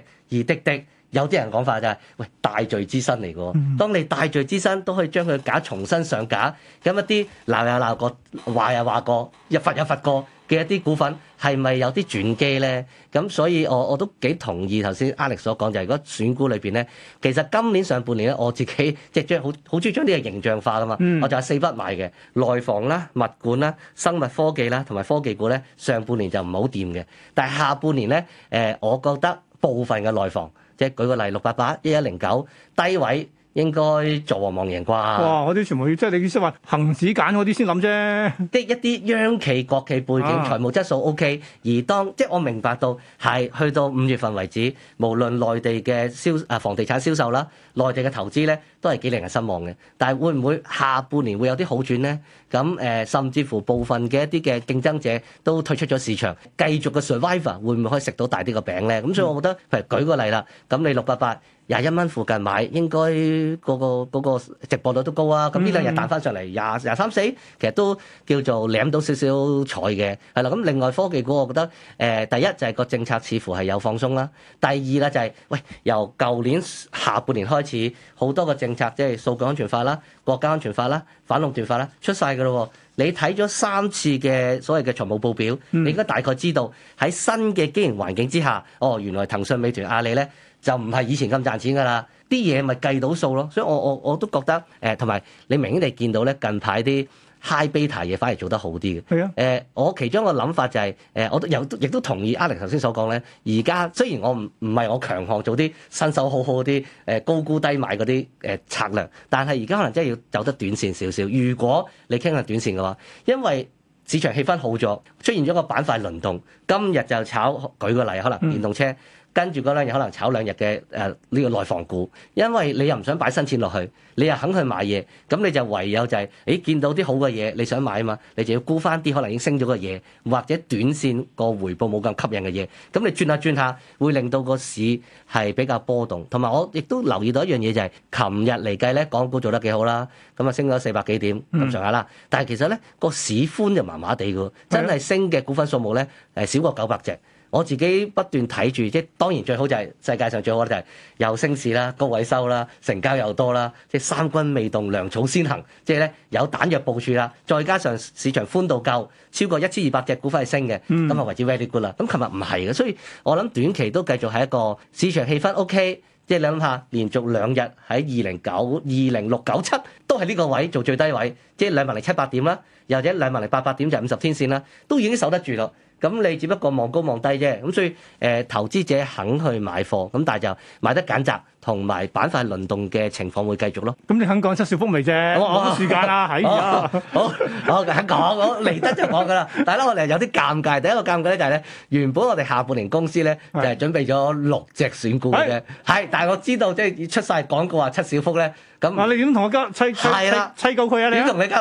而滴滴。有啲人講法就係、是，喂大罪之身嚟嘅喎，嗯、當你大罪之身都可以將佢假重新上架，咁一啲鬧又鬧過，話又話過，過一罰又罰過嘅一啲股份，係咪有啲轉機咧？咁所以我我都幾同意頭先 Alex 所講，就係、是、如果選股裏邊咧，其實今年上半年咧，我自己即係、就是、將好好中意將呢個形象化啊嘛，嗯、我就係四筆賣嘅內房啦、物管啦、生物科技啦同埋科技股咧，上半年就唔好掂嘅，但係下半年咧，誒、呃，我覺得部分嘅內房。即係舉個例，六八八一一零九低位應該做和望贏啩。哇！嗰啲全部要即係你意思話行指揀嗰啲先諗啫。即係一啲央企、國企背景、啊、財務質素 OK，而當即我明白到係去到五月份為止，無論內地嘅銷啊房地產銷售啦。內地嘅投資咧都係幾令人失望嘅，但係會唔會下半年會有啲好轉咧？咁誒、呃，甚至乎部分嘅一啲嘅競爭者都退出咗市場，繼續嘅 survivor 會唔會可以食到大啲嘅餅咧？咁所以我覺得，譬如舉個例啦，咁你六八八廿一蚊附近買，應該嗰、嗰個、嗰個嗰個直播率都高啊。咁呢兩日彈翻上嚟廿廿三四，23，其實都叫做舐到少少彩嘅係啦。咁另外科技股，我覺得誒、呃，第一就係個政策似乎係有放鬆啦，第二咧就係、是、喂，由舊年下半年開。開始好多個政策，即係數據安全法啦、國家安全法啦、反壟斷法啦，出曬㗎咯。你睇咗三次嘅所謂嘅財務報表，嗯、你應該大概知道喺新嘅經營環境之下，哦，原來騰訊、美團、阿里咧就唔係以前咁賺錢㗎啦。啲嘢咪計到數咯。所以我我我都覺得誒，同埋你明顯地見到咧，近排啲 high beta 嘢反而做得好啲嘅，誒的、呃，我其中一個諗法就係、是，誒、呃，我都有亦都同意 Alex 頭先所講咧。而家雖然我唔唔係我強項做啲新手好好啲，誒、呃、高沽低買嗰啲誒策略，但係而家可能真係要走得短線少少。如果你傾向短線嘅話，因為市場氣氛好咗，出現咗個板塊輪動，今日就炒，舉個例可能電動車。嗯跟住嗰兩日可能炒兩日嘅誒呢個內房股，因為你又唔想擺新錢落去，你又肯去買嘢，咁你就唯有就係、是，咦見到啲好嘅嘢你想買啊嘛，你就要沽翻啲可能已經升咗嘅嘢，或者短線個回報冇咁吸引嘅嘢，咁你轉下轉下會令到個市係比較波動。同埋我亦都留意到一樣嘢就係、是，琴日嚟計咧，港股做得幾好啦，咁啊升咗四百幾點咁上下啦，嗯、但係其實咧個市寬就麻麻地嘅，真係升嘅股份數目咧誒、呃、少過九百隻。我自己不斷睇住，即係當然最好就係、是、世界上最好咧，就係又升市啦、高位收啦、成交又多啦，即係三軍未動，糧草先行，即係咧有彈藥部署啦，再加上市場寬度夠，超過一千二百隻股份係升嘅，咁啊為之 very good 啦。咁琴日唔係嘅，所以我諗短期都繼續係一個市場氣氛 OK，即係你諗下，連續兩日喺二零九、二零六九七都係呢個位做最低位，即係兩萬零七八點啦，又或者兩萬零八八點就五十天線啦，都已經守得住咯。咁 你只不過望高望低啫，咁所以誒、欸、投資者肯去買貨，咁但係就買得簡擳，同埋板塊輪動嘅情況會繼續咯。咁你肯講七小福未啫？冇、啊哦、時間啦，喺好，我講講嚟得就講噶啦。但係咧我哋有啲尷尬，第一個尷尬咧就係、是、咧，原本我哋下半年公司咧就係、是、準備咗六隻選股嘅，係是，但係我知道即係、就是、出晒廣告話七小福咧。咁啊！你點同我砌砌砌砌夠佢啊？明明你點同你砌？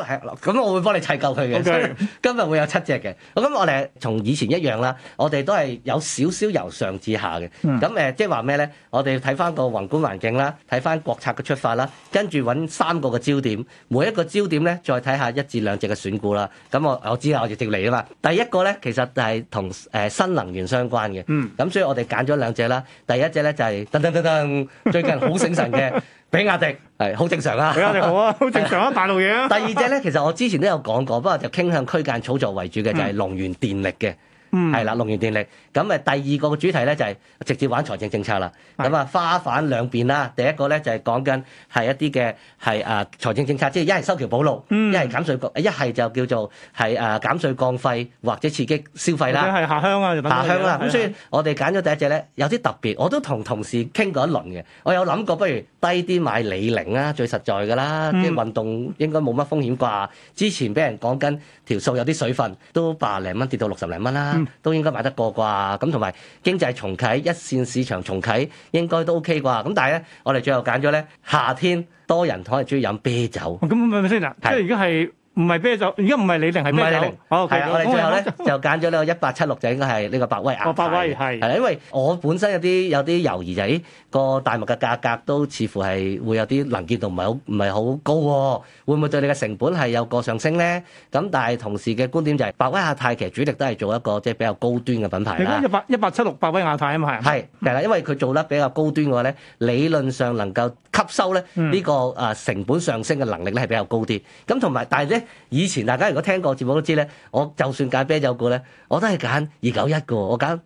咁我會幫你砌夠佢嘅。Okay. 今日會有七隻嘅。咁我哋從以前一樣啦，我哋都係有少少由上至下嘅。咁誒，即係話咩咧？我哋睇翻個宏觀環境啦，睇翻國策嘅出發啦，跟住揾三個嘅焦點，每一個焦點咧，再睇下一至兩隻嘅選股啦。咁我我知啦，我哋直嚟啊嘛。第一個咧，其實係同誒新能源相關嘅。咁、嗯、所以我哋揀咗兩隻啦。第一隻咧就係、是、噔，噔噔噔噔，最近好醒神嘅。 比亞迪，係好是正常啦，比亞迪好啊，好 正常啊，大陸嘢啊。第二隻呢，其實我之前都有講過，不過就傾向區間操作為主嘅，就係龍源電力嘅。嗯嗯，係啦，龍源電力。咁誒第二個主題咧就係直接玩財政政策啦。咁啊是花反兩邊啦。第一個咧就係講緊係一啲嘅係誒財政政策，即係一係修橋補路，一係減稅降一係就叫做係誒減稅降費或者刺激消費啦。或係下鄉啊，下啊就等下鄉啦、啊。咁的所以我哋揀咗第一隻咧有啲特別，我都同同事傾過一輪嘅。我有諗過，不如低啲買李寧啦，最實在㗎啦。嗯、即運動應該冇乜風險啩？之前俾人講緊條數有啲水分，都百零蚊跌到六十零蚊啦。都應該買得過啩，咁同埋經濟重啟，一線市場重啟應該都 OK 啩。咁但係咧，我哋最後揀咗咧，夏天多人可以中意飲啤酒。咁係咪先嗱？即係而家係。唔係啤酒，而家唔係李寧係咩李寧？哦，係啊，我哋最後咧就揀咗呢個一八七六，就應該係呢個百威亞太。哦，百威係係，因為我本身有啲有啲猶豫就係，個大麥嘅價格都似乎係會有啲能見度唔係好唔係好高喎，會唔會對你嘅成本係有個上升咧？咁但係同時嘅觀點就係，百威亞太其實主力都係做一個即係比較高端嘅品牌啦。而家一八一八七六百威亞太啊嘛係。係係啦，因為佢做得比較高端嘅話咧，理論上能夠吸收咧呢個啊成本上升嘅能力咧係比較高啲。咁同埋但係咧。以前大家如果聽過節目都知咧，我就算揀啤酒股咧，我都係揀二九一嘅喎，我揀呢、呢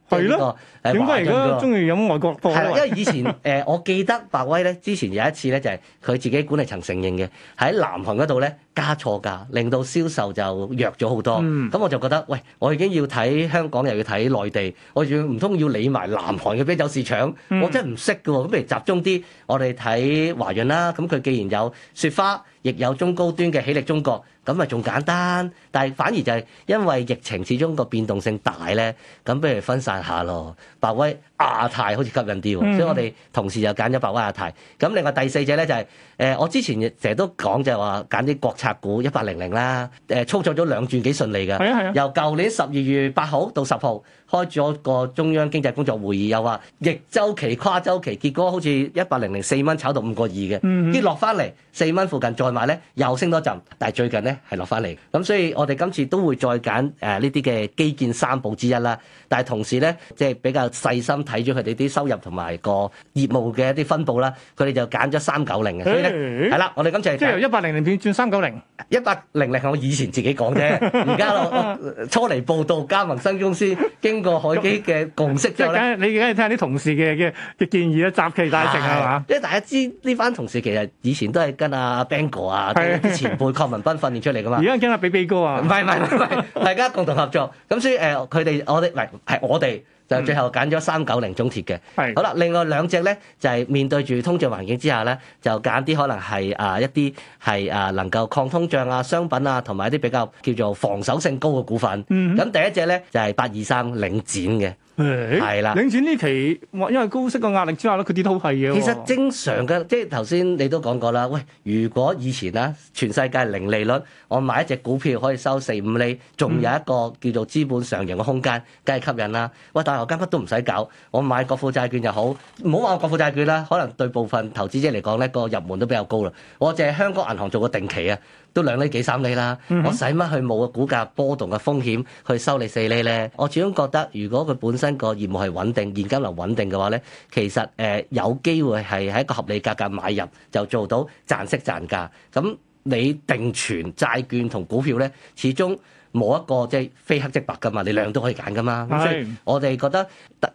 個係的華潤嘅。點解而家中意飲外國貨？係因為以前誒、 呃，我記得百威咧，之前有一次咧，就係佢自己管理層承認嘅，喺南韓嗰度咧加錯價，令到銷售就弱咗好多。咁、嗯、我就覺得，喂，我已經要睇香港，又要睇內地，我仲唔通要理埋南韓嘅啤酒市場？嗯、我真係唔識嘅喎，咁不如集中啲，我哋睇華潤啦。咁佢既然有雪花。亦有中高端嘅喜力中國，咁咪仲簡單，但係反而就係因為疫情始終個變動性大呢，咁不如分散下咯，百威亞、嗯、太，太好似吸引啲喎，所以我哋同時又揀咗百威亞太。咁另外第四隻咧就係、是，誒、呃、我之前成日都講就係話揀啲國策股一百零零啦。誒操作咗兩轉幾順利嘅，由舊年十二月八號到十號開咗個中央經濟工作會議，又話逆週期跨週期，結果好似一百零零四蚊炒到五個二嘅，跌落翻嚟四蚊附近再買咧又升多一陣，但係最近咧係落翻嚟。咁所以我哋今次都會再揀誒呢啲嘅基建三寶之一啦。但係同時咧即係比較細心。睇咗佢哋啲收入同埋個業務嘅一啲分佈啦，佢哋就揀咗三九零嘅，所以咧係啦，我哋今次即係由一八零零變轉三九零，一八零零係我以前自己講啫，而家我初嚟報道加盟新公司，經過凱基嘅共識之後咧，你而家係聽啲同事嘅嘅建議啊，集其大成係嘛？因為大家知呢班同事其實以前都係跟阿 Bang 哥啊，啲前輩郭文斌訓練出嚟噶嘛。而家傾阿比比哥啊，唔係唔係唔係，大家共同合作咁所以誒，佢哋我哋唔係係我哋。就最後揀咗三九零中鐵嘅。是好啦，另外兩隻咧就係、是、面對住通脹環境之下咧，就揀啲可能係啊、呃、一啲係啊能夠抗通脹啊商品啊同埋一啲比較叫做防守性高嘅股份。咁、嗯、第一隻咧就係八二三領展嘅。係啦，hey, 了領展呢期，因為高息個壓力之下咧，佢啲都係嘅。其實正常嘅，即係頭先你都講過啦。喂，如果以前啦、啊，全世界零利率，我買一隻股票可以收四五厘，仲有一個叫做資本上揚嘅空間，梗係吸引啦。喂，但係我而家乜都唔使搞，我買國庫債券就好。唔好話我國庫債券啦，可能對部分投資者嚟講咧，個入門都比較高啦。我淨係香港銀行做個定期啊。都兩厘幾三厘啦，嗯、哼我使乜去冒個股價波動嘅風險去收你四厘咧？我始終覺得，如果佢本身個業務係穩定、現金流穩定嘅話咧，其實誒、呃、有機會係喺一個合理價格買入就做到賺息賺價。咁你定存債券同股票咧，始終冇一個即係非黑即白噶嘛，你兩都可以揀噶嘛。是所以我哋覺得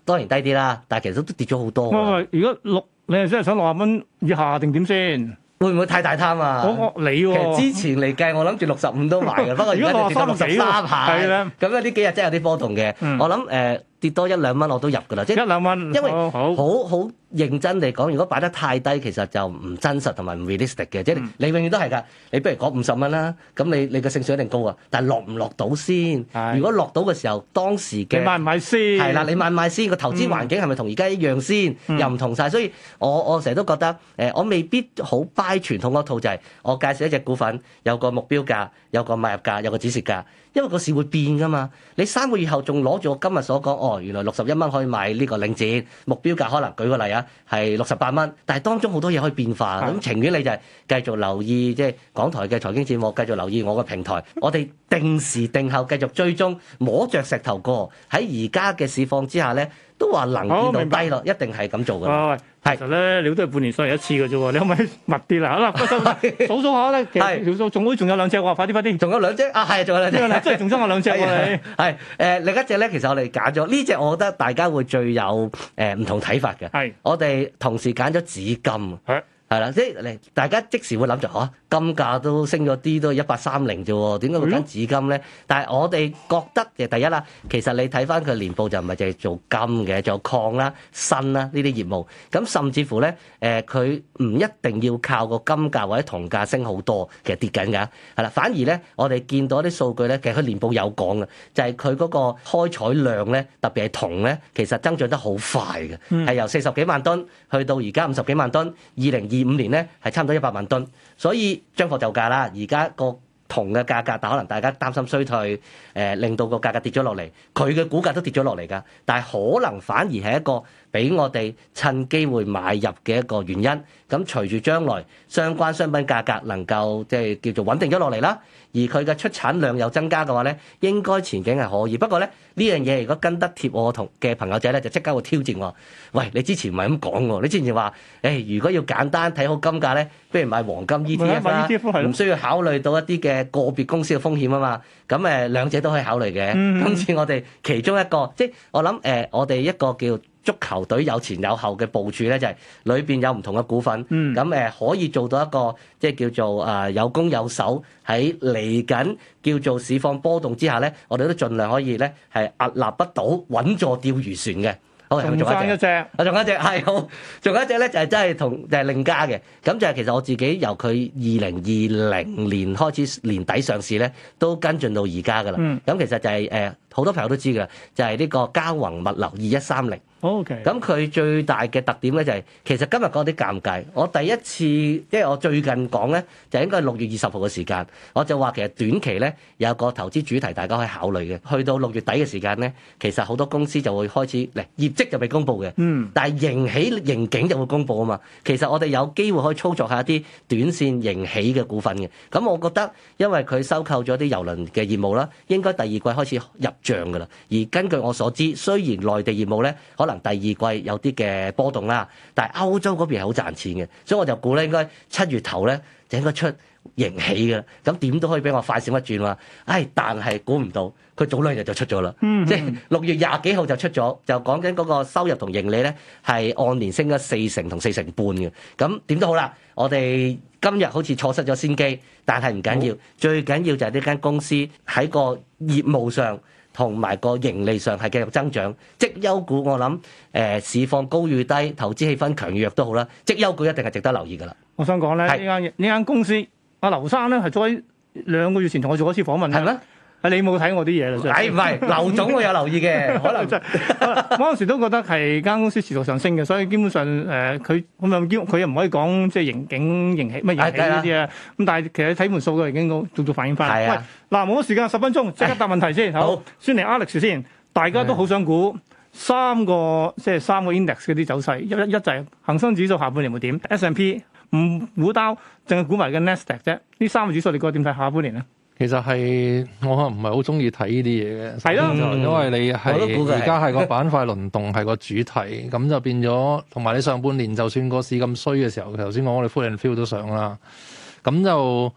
當然低啲啦，但係其實都跌咗好多。如果六你係真係想六十蚊以下定點先？會唔會太大貪啊？好，你噢其實之前嚟計， 我諗住六十五都買㗎， 不過而家跌到六十三下，咁呢幾日真係有啲波動嘅。嗯、我諗誒、呃、跌多一兩蚊我都入㗎啦，即係一兩蚊，因為好好。好好好。認真嚟講，如果擺得太低，其實就唔真實同埋唔 realistic 嘅。即係你、嗯、你永遠都係㗎。你不如講五十蚊啦。咁你你個成數一定高啊。但係落唔落到先？哎、如果落到嘅時候，當時嘅，你買唔買先？係啦，你買唔買先？個、嗯、投資環境係咪同而家一樣先？嗯、又唔同晒。所以我我成日都覺得，誒、呃，我未必好 buy 傳統嗰套，就係我介紹一隻股份，有個目標價，有個買入價，有個止蝕價，因為個市會變㗎嘛。你三個月後仲攞住我今日所講，哦，原來六十一蚊可以買呢個領展目標價，可能舉個例係六十八蚊，但係當中好多嘢可以變化，咁的情願你就係繼續留意，即係港台嘅財經節目，繼續留意我嘅平台，我哋定時定候繼續追蹤，摸着石頭過喺而家嘅市況之下呢。都話能見到低咯，哦、一定係咁做嘅。啦、哦。係，是其實咧，你都係半年上嚟一次嘅啫喎。你可唔可以密啲啦？好啦，不如數數,數下咧，條 數仲好，仲有兩隻喎。快啲，快啲，仲有兩隻啊，係，仲有兩隻，即係仲爭我兩隻喎。係、 啊啊，另一隻咧，其實我哋揀咗呢隻， 我覺得大家會最有誒唔、呃、同睇法嘅。係是，我哋同時揀咗紙巾。係啦，即係嚟大家即時會諗住哦，金價都升咗啲，都一八三零啫喎，點解會揀紫金咧？但係我哋覺得嘅第一啦，其實你睇翻佢年報就唔係淨係做金嘅，做礦啦、新啦呢啲業務。咁甚至乎咧，誒佢唔一定要靠個金價或者銅價升好多，其實跌緊㗎。係啦，反而咧，我哋見到啲數據咧，其實佢年報有講嘅，就係佢嗰個開採量咧，特別係銅咧，其實增長得好快嘅，係由四十幾萬噸去到而家五十幾萬噸，二零二二五年咧係差唔多一百萬噸，所以將貨就價啦。而家個銅嘅價格，但可能大家擔心衰退，誒令到個價格跌咗落嚟，佢嘅股價都跌咗落嚟㗎。但係可能反而係一個俾我哋趁機會買入嘅一個原因。咁隨住將來相關商品價格能夠即係叫做穩定咗落嚟啦。而佢嘅出產量又增加嘅話咧，應該前景係可以。不過咧，呢樣嘢如果跟得貼我同嘅朋友仔咧，就即刻會挑戰我。喂，你之前唔係咁講喎，你之前話，誒、哎，如果要簡單睇好金價咧，不如買黃金 ETF 啦，唔需要考慮到一啲嘅個別公司嘅風險啊嘛。咁誒，兩者都可以考慮嘅。嗯、今次我哋其中一個，即係我諗誒，我哋、呃、一個叫。足球隊有前有後嘅部署咧，就係裏邊有唔同嘅股份，咁，誒可以做到一個即係叫做啊，有攻有守，喺嚟緊叫做市況波動之下咧，我哋都盡量可以咧，係屹立不倒，穩坐釣魚船嘅。好，仲有一隻，仲有一隻係好，仲有一隻咧就係真係同就係另加嘅，咁就係其實我自己由佢二零二零年開始年底上市咧，都跟進到而家噶啦。咁其實就係誒。好多朋友都知嘅，就係，呢個交宏物流二一三零。OK，咁佢最大嘅特點咧就係，其實今日講啲尷尬。我第一次，因為我最近講咧，就應該係六月二十號嘅時間，我就話其實短期咧有個投資主題大家可以考慮嘅。去到六月底嘅時間咧，其實好多公司就會開始，嚟業績就未公布嘅。嗯。但係盈喜盈景就會公布啊嘛。其實我哋有機會可以操作一下一啲短線盈喜嘅股份嘅。咁我覺得，因為佢收購咗啲郵輪嘅業務啦，應該第二季開始入。漲噶啦，而根據我所知，雖然內地業務咧可能第二季有啲嘅波動啦，但係歐洲嗰邊係好賺錢嘅，所以我就估咧應該七月頭咧就應該出盈喜嘅，咁點都可以俾我快閃一轉啦。唉、哎，但係估唔到佢早兩日就出咗啦，即係六月廿幾號就出咗，就講緊嗰個收入同盈利咧係按年升咗四成同四成半嘅，咁點都好啦。我哋今日好似錯失咗先機，但係唔緊要，好最緊要就係呢間公司喺個業務上。同埋個盈利上係繼續增長，績優股我諗，誒，市況高與低，投資氣氛強弱都好啦，績優股一定係值得留意㗎啦。我想講咧，呢間呢間公司，阿劉生咧係喺兩個月前同我做過一次訪問啦。啊！你冇睇我啲嘢啦，就唔係，劉總我有留意嘅， 可能真係。嗰陣時都覺得係間公司持續上升嘅，所以基本上誒，佢咁樣佢又唔可以講即係刑警刑起乜刑起呢啲啊？咁、哎、但係其實睇盤數嘅已經好，仲仲反映翻。係嗱、哎，冇時間，十分鐘，即刻答問題先。好。先嚟、哎、Alex 先，大家都好想估三個即係三個 index 嗰啲走勢。的一一一就係恒生指數下半年會點？S&P 唔估到，淨係估埋個 Nasdaq 啫。呢三個指數你覺得點睇下半年咧？其實係我可能唔係好中意睇呢啲嘢嘅，係咯，因為你係而家係個板塊輪動，係個主題，咁就變咗。同埋你上半年就算個市咁衰嘅時候，頭先講我哋 financial 都上啦。咁就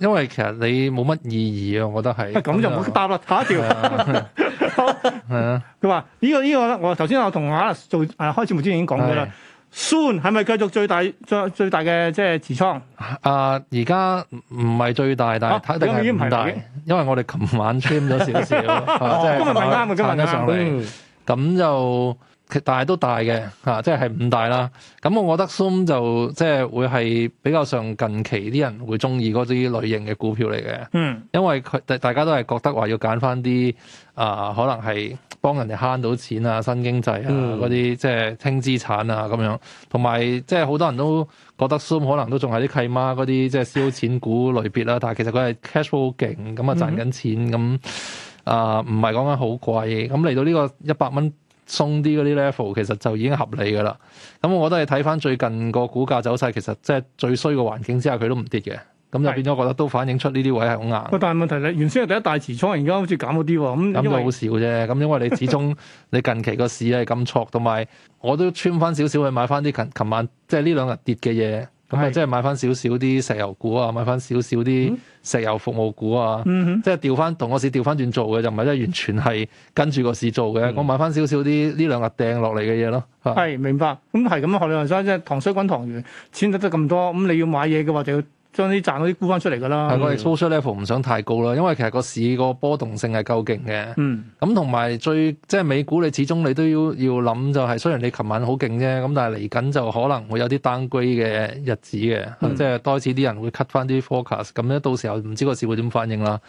因為其實你冇乜意義啊，我覺得係。咁就唔好答啦， 下一條。係啊。佢話呢個呢、這個，我頭先我同阿做誒、啊、開始目之前已經講咗啦。 soon 係咪繼續最大最最大嘅即係持倉？啊，而家唔唔係最大，但係睇定係唔大，啊、有有因為我哋琴晚 trim 咗少少， 啊、即係撐得上嚟，咁、啊嗯、就。但大都大嘅，嚇、啊，即係五大啦。咁我覺得 Zoom 就即係會係比較上近期啲人會中意嗰啲類型嘅股票嚟嘅。嗯，因為佢大大家都係覺得話要揀翻啲啊，可能係幫人哋慳到錢啊、新經濟啊嗰啲，即係輕資產啊咁樣。同埋即係好多人都覺得 Zoom 可能都仲係啲契媽嗰啲，即係燒錢股類別啦。但係其實佢係 cash flow 勁，咁啊賺緊錢，咁啊唔係講緊好貴。咁嚟到呢個一百蚊。鬆啲嗰啲 level 其實就已經合理嘅啦，咁我覺得係睇翻最近個股價走勢，其實即係最衰嘅環境之下佢都唔跌嘅，咁就變咗覺得都反映出呢啲位係好硬。但係問題你原先係第一大持倉，而家好似減咗啲喎，咁因為好少啫，咁因為你始終你近期個市係咁挫，同埋 我都穿翻少少去買翻啲琴琴晚即係呢兩日跌嘅嘢。咁啊，即係買翻少少啲石油股啊，買翻少少啲石油服務股啊，嗯、哼即係調翻同個市調翻轉做嘅，就唔係即係完全係跟住個市做嘅。嗯、我買翻少少啲呢兩日掟落嚟嘅嘢咯。係，明白。咁係咁樣，學你話齋即係糖水滾糖圓，錢得得咁多，咁你要買嘢嘅話就。要。將啲賺嗰啲沽翻出嚟㗎啦，我哋操作 level 唔想太高啦，因為其實個市個波動性係夠勁嘅。咁同埋最即係美股，你始終你都要要諗就係，雖然你琴晚好勁啫，咁但係嚟緊就可能會有啲 downgrade 嘅日子嘅，嗯、即係多次啲人會 cut 翻啲 forecast，咁咧到時候唔知個市會點反應啦。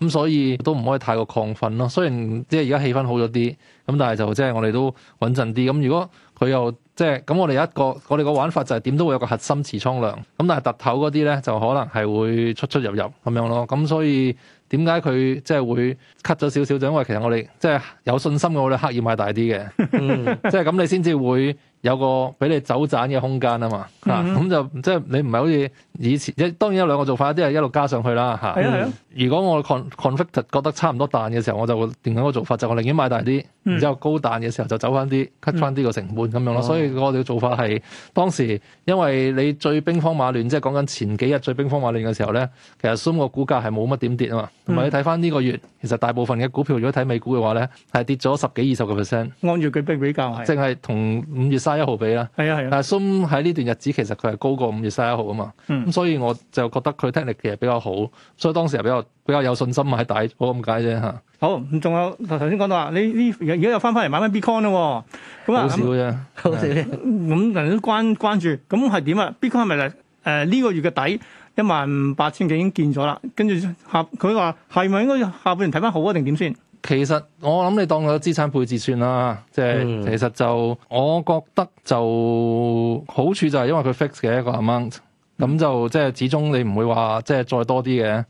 咁所以都唔可以太過亢奮咯。雖然即係而家氣氛好咗啲，咁但係就即係我哋都穩陣啲咁。如果佢又即係咁，我哋一個我哋個玩法就係點都會有個核心持倉量咁，但係凸頭嗰啲咧就可能係會出出入入咁樣咯。咁所以點解佢即係會 cut 咗少少？就因為其實我哋即係有信心嘅，我哋刻意買大啲嘅， 嗯、即係咁你先至會有個俾你走盞嘅空間啊嘛。嚇、嗯、咁、嗯、就即係你唔係好似以前一當然有兩個做法，一啲係一路加上去啦嚇。如果我 convict 覺得差唔多彈嘅時候，我就定緊個做法就我寧願買大啲。然之後高彈嘅時候就走翻啲，cut 翻啲個成本咁、嗯、樣咯。所以我哋嘅做法係當時，因為你最兵荒馬亂，即係講緊前幾日最兵荒馬亂嘅時候咧，其實 Zoom 嘅股價係冇乜點跌啊嘛。同埋你睇翻呢個月，其實大部分嘅股票，如果睇美股嘅話咧，係跌咗十幾二十個 percent。按、嗯、月佢比比較係，淨係同五月三十一號比啦。係啊係啊，啊但係 Zoom 喺呢段日子其實佢係高過五月三十一號啊嘛。咁、嗯、所以我就覺得佢聽力其實比較好，所以當時又比較比較有信心喺大，我咁解啫嚇。好，仲有頭頭先講到話，你呢而,、嗯、而家又翻返嚟買翻 Bitcoin 咯喎，咁啊，好少啫，咁人都關關注，咁係點啊？Bitcoin 係咪嚟？誒呢個月嘅底一萬八千幾已經見咗啦，跟住下佢話係咪應該下半年睇翻好啊？定點先？其實我諗你當佢個資產配置算啦，即係、嗯、其實就我覺得就好處就係因為佢 fix 嘅一個 amount，咁就即係始終你唔會話即係再多啲嘅，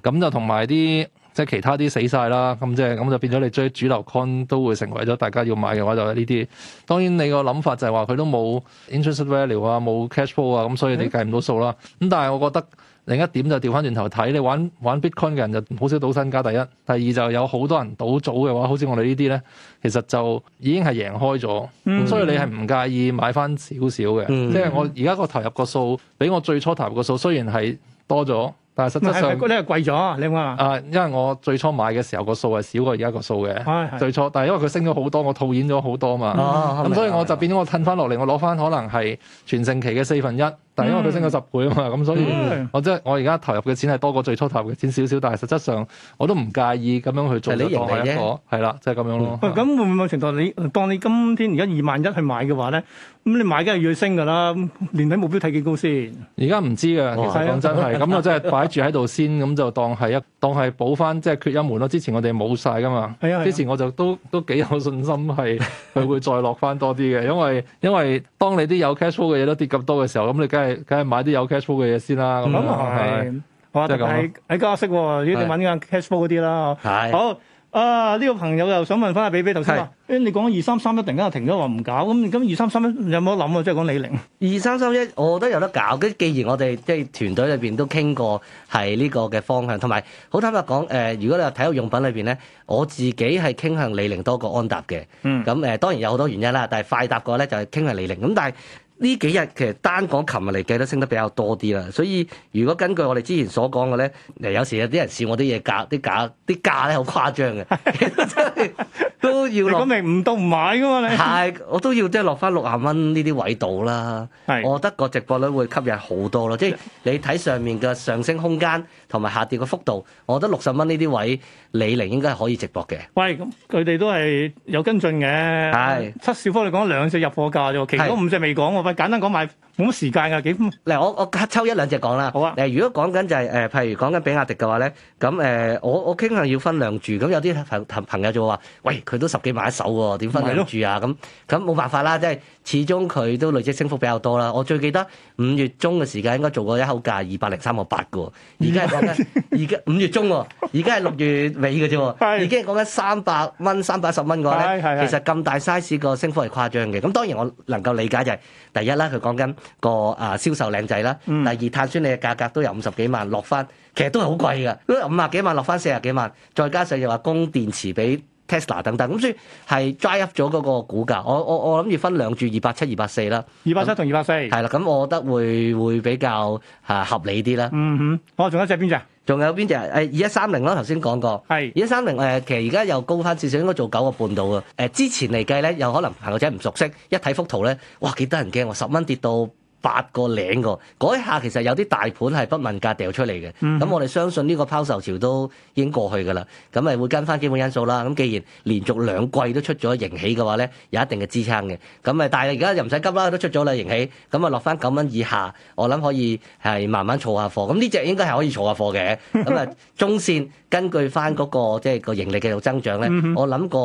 咁就同埋啲。即係其他啲死晒啦，咁即係咁就變咗你追主流 coin 都會成為咗大家要買嘅話，就係呢啲。當然你個諗法就係話佢都冇 interest value 啊，冇 cash flow 啊，咁所以你計唔到數啦。咁但係我覺得另一點就調翻轉頭睇，你玩玩 bitcoin 嘅人就好少賭身家，第一，第二就有好多人賭早嘅話，好似我哋呢啲咧，其實就已經係贏開咗。咁、嗯、所以你係唔介意買翻少少嘅，即係、嗯、我而家個投入個數比我最初投入個數雖然係多咗。但係實質上，嗰啲係貴咗，你話啊、呃？因為我最初買嘅時候個數係少過而家個數嘅，哎、最初。但係因為佢升咗好多，我套現咗好多啊嘛。咁所以我就變咗我褪翻落嚟，我攞翻可能係全盛期嘅四分一。但因為佢升咗十倍啊嘛，咁所以我即係我而家投入嘅錢係多過最初投入嘅錢少少，但係實質上我都唔介意咁樣去做，當係一個係啦，就係、是、咁樣咯。咁會唔會有程度？你當你今天而家二萬一去買嘅話咧，咁你買梗係要升噶啦。年底目標睇幾高先？而家唔知嘅，其實講真係咁， 我真係擺住喺度先，咁就當係 當係補翻，即、就、係、是、缺一門咯。之前我哋冇晒噶嘛，之前我就都 都幾有信心係佢會再落翻多啲嘅，因為因為當你啲有 cash flow 嘅嘢都跌咁多嘅時候，咁你梗係買啲有 cash flow 嘅嘢先啦、啊，咁係、嗯，哇是！但係你加息，一定要搵啲有 cash flow 嗰啲啦。係，好啊！呢是、啊這個朋友又想問翻阿比比頭先，誒是、欸，你講、啊就是、二三三一，突然間停咗，話唔搞，咁今二三三一有冇諗啊？即係講李寧。二三三一，我都有得搞。跟既然我哋即係團隊裏邊都傾過，係呢個嘅方向，同埋好坦白講，誒、呃，如果你話體育用品裏邊咧，我自己係傾向李寧多過安踏嘅。咁誒、嗯，當然有好多原因啦，但係快答過，咧就係傾向李寧。咁但係。呢幾日其實單講琴日嚟計都升得比較多啲啦，所以如果根據我哋之前所講嘅咧，誒有時有啲人笑我啲嘢價、啲價、啲價咧好誇張嘅，真係 都要攞命唔到唔買噶嘛、啊？你係 我都要即係落翻六十蚊呢啲位度啦。是我覺得個值博率會吸引好多咯，即係你睇上面嘅上升空間同埋下跌嘅幅度，我覺得六十蚊呢啲位。李寧應該係可以直播嘅。喂，咁佢哋都係有跟進嘅。係是七小福你講咗兩隻入貨價啫，其實嗰五隻未講喎。喂是，簡單講買。冇時間㗎、啊，幾？嗱，我我抽一兩隻講啦。好啊。誒，如果講緊就係、是、誒、呃，譬如講緊比亞迪嘅話咧，咁誒、呃，我我傾向要分兩注。咁有啲朋朋友就話，喂，佢都十幾萬一手喎、啊，點分兩注啊？咁咁冇辦法啦，即係始終佢都累積升幅比較多啦。我最記得五月中嘅時間應該做過一口價二百零三個八嘅，而家係講緊而家五月中，而家係六月尾嘅啫，已經係講緊三百蚊、三百一十蚊個咧。 其實咁大 size 個升幅係誇張嘅。咁當然我能夠理解就係、是、第一啦，佢講緊。個啊銷售靚仔啦，第二碳酸鋰嘅價格都有五十幾萬落翻，其實都係好貴嘅，五啊幾萬落翻四十幾萬，再加上又話供電池俾 Tesla 等等，咁所以係 drive up 咗嗰個股價。我我我諗住分兩注，二百七、二百四啦。二百七同二百四。係啦，咁我覺得會會比較啊合理啲啦。嗯哼，我、嗯、仲、哦、有一隻邊隻？仲有邊隻？誒二一三零啦，頭先講過。係二一三零誒，其實而家又高翻至少，應該做九個半度。啊、呃。誒之前嚟計咧，又可能行路者唔熟悉，一睇幅圖咧，哇幾得人驚喎！十蚊跌到，八個零個，嗰一下其實有啲大盤係不問價掉出嚟嘅，咁、嗯、我哋相信呢個拋售潮都已經過去㗎啦，咁咪會跟翻基本因素啦。咁既然連續兩季都出咗盈喜嘅話咧，有一定嘅支撐嘅，咁咪但係而家又唔使急啦，都出咗啦盈喜，咁啊落翻九蚊以下，我諗可以係慢慢儲下貨，咁呢隻應該係可以儲下貨嘅，咁啊中線。 根據翻嗰個即係個盈利繼續增長咧，我諗個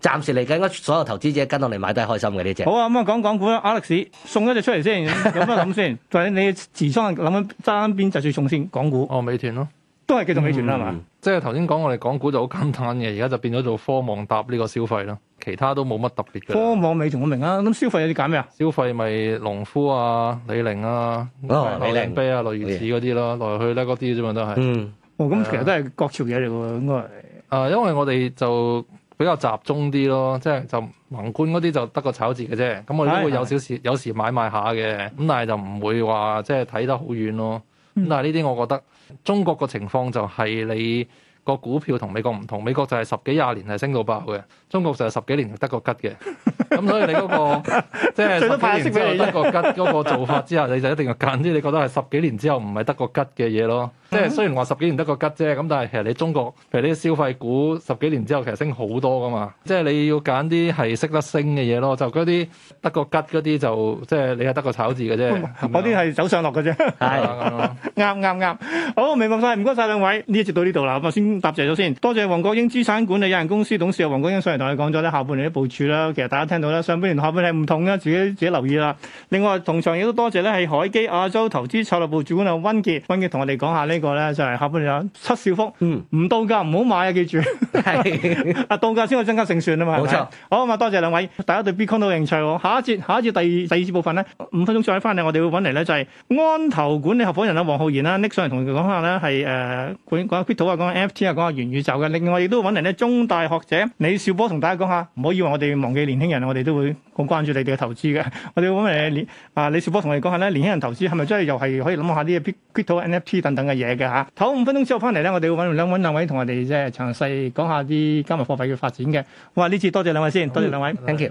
暫時嚟緊，應該所有投資者跟落嚟買都係開心嘅呢隻。好啊，咁啊講港股啦 Alex 送一隻出嚟先，有咩諗先？就係你自商諗緊揸邊就最送先？港股哦，美團咯，都係繼續美團啦，係嘛？即係頭先講我哋港股就好簡單嘅，而家就變咗做科網搭呢個消費咯，其他都冇乜特別嘅。科網美仲唔明啊？咁消費有啲揀咩啊？消費咪農夫啊、李寧啊、李寧杯啊、類似嗰啲咯，來去去咧嗰啲啫嘛都係。咁、哦嗯嗯、其實都係國潮嘢嚟喎，應該係。誒、啊，因為我哋就比較集中啲咯，即係就宏觀嗰啲就得個炒字嘅啫。咁我都會有少少，是是有時買賣下嘅。咁但係就唔會話即係睇得好遠咯。咁但係呢啲，我覺得中國個情況就係你個股票同美國唔同。美國就係十幾廿年係升到爆嘅，中國就係十幾年得個吉嘅。咁 所以你嗰、那個即係、就是、十幾年之後得個吉嗰個做法之下，你就一定要揀啲你覺得係十幾年之後唔係得個吉嘅嘢咯。即係雖然話十幾年得個吉啫，咁但係其實你中國，譬如啲消費股十幾年之後其實升好多噶嘛。即係你要揀啲係識得升嘅嘢咯，就嗰啲得個吉嗰啲就即係你係得個炒字嘅啫，嗰啲係走上落嘅啫。係啱啱啱，好明白晒，唔該晒兩位，呢一節到呢度啦，咁啊先答謝咗先，多謝黃國英資產管理有限公司董事黃國英上嚟同你講咗咧，下半年啲部署啦，其實大家聽到啦，上半年下半年唔同嘅，自己自己留意啦。另外同場亦都多謝咧，係凱基亞洲投資策略部主管阿溫傑，溫傑同我哋講下咧。個呢個咧就係下半年有七小福，唔、嗯、到價唔好買啊！記住，係啊，到價先會增加勝算啊嘛。冇錯錯，好啊，多謝兩位，大家對 Bitcoin 都有興趣喎。下一節，下一節第第二節部分咧，五分鐘再翻嚟，我哋會揾嚟咧就係、是、安投管理合伙人啊，黃浩然啦，拎上嚟同佢講下咧，係誒管講下 Crypto 啊，講下 NFT 啊，講下元宇宙嘅。另外亦都揾嚟咧中大學者李少波同大家講下，唔好以為我哋忘記年輕人，我哋都會好關注你哋嘅投資嘅。我哋揾誒李啊李少波同我哋講下咧，年輕人投資係咪真係又係可以諗下啲 Crypto、uito, NFT 等等嘅嘢？嘅嚇，唞五分鐘之後翻嚟咧，我哋會揾想揾兩位同我哋即係詳細講下啲加密貨幣嘅發展嘅。哇！呢次多謝兩位先，嗯、多謝兩位，Thank you。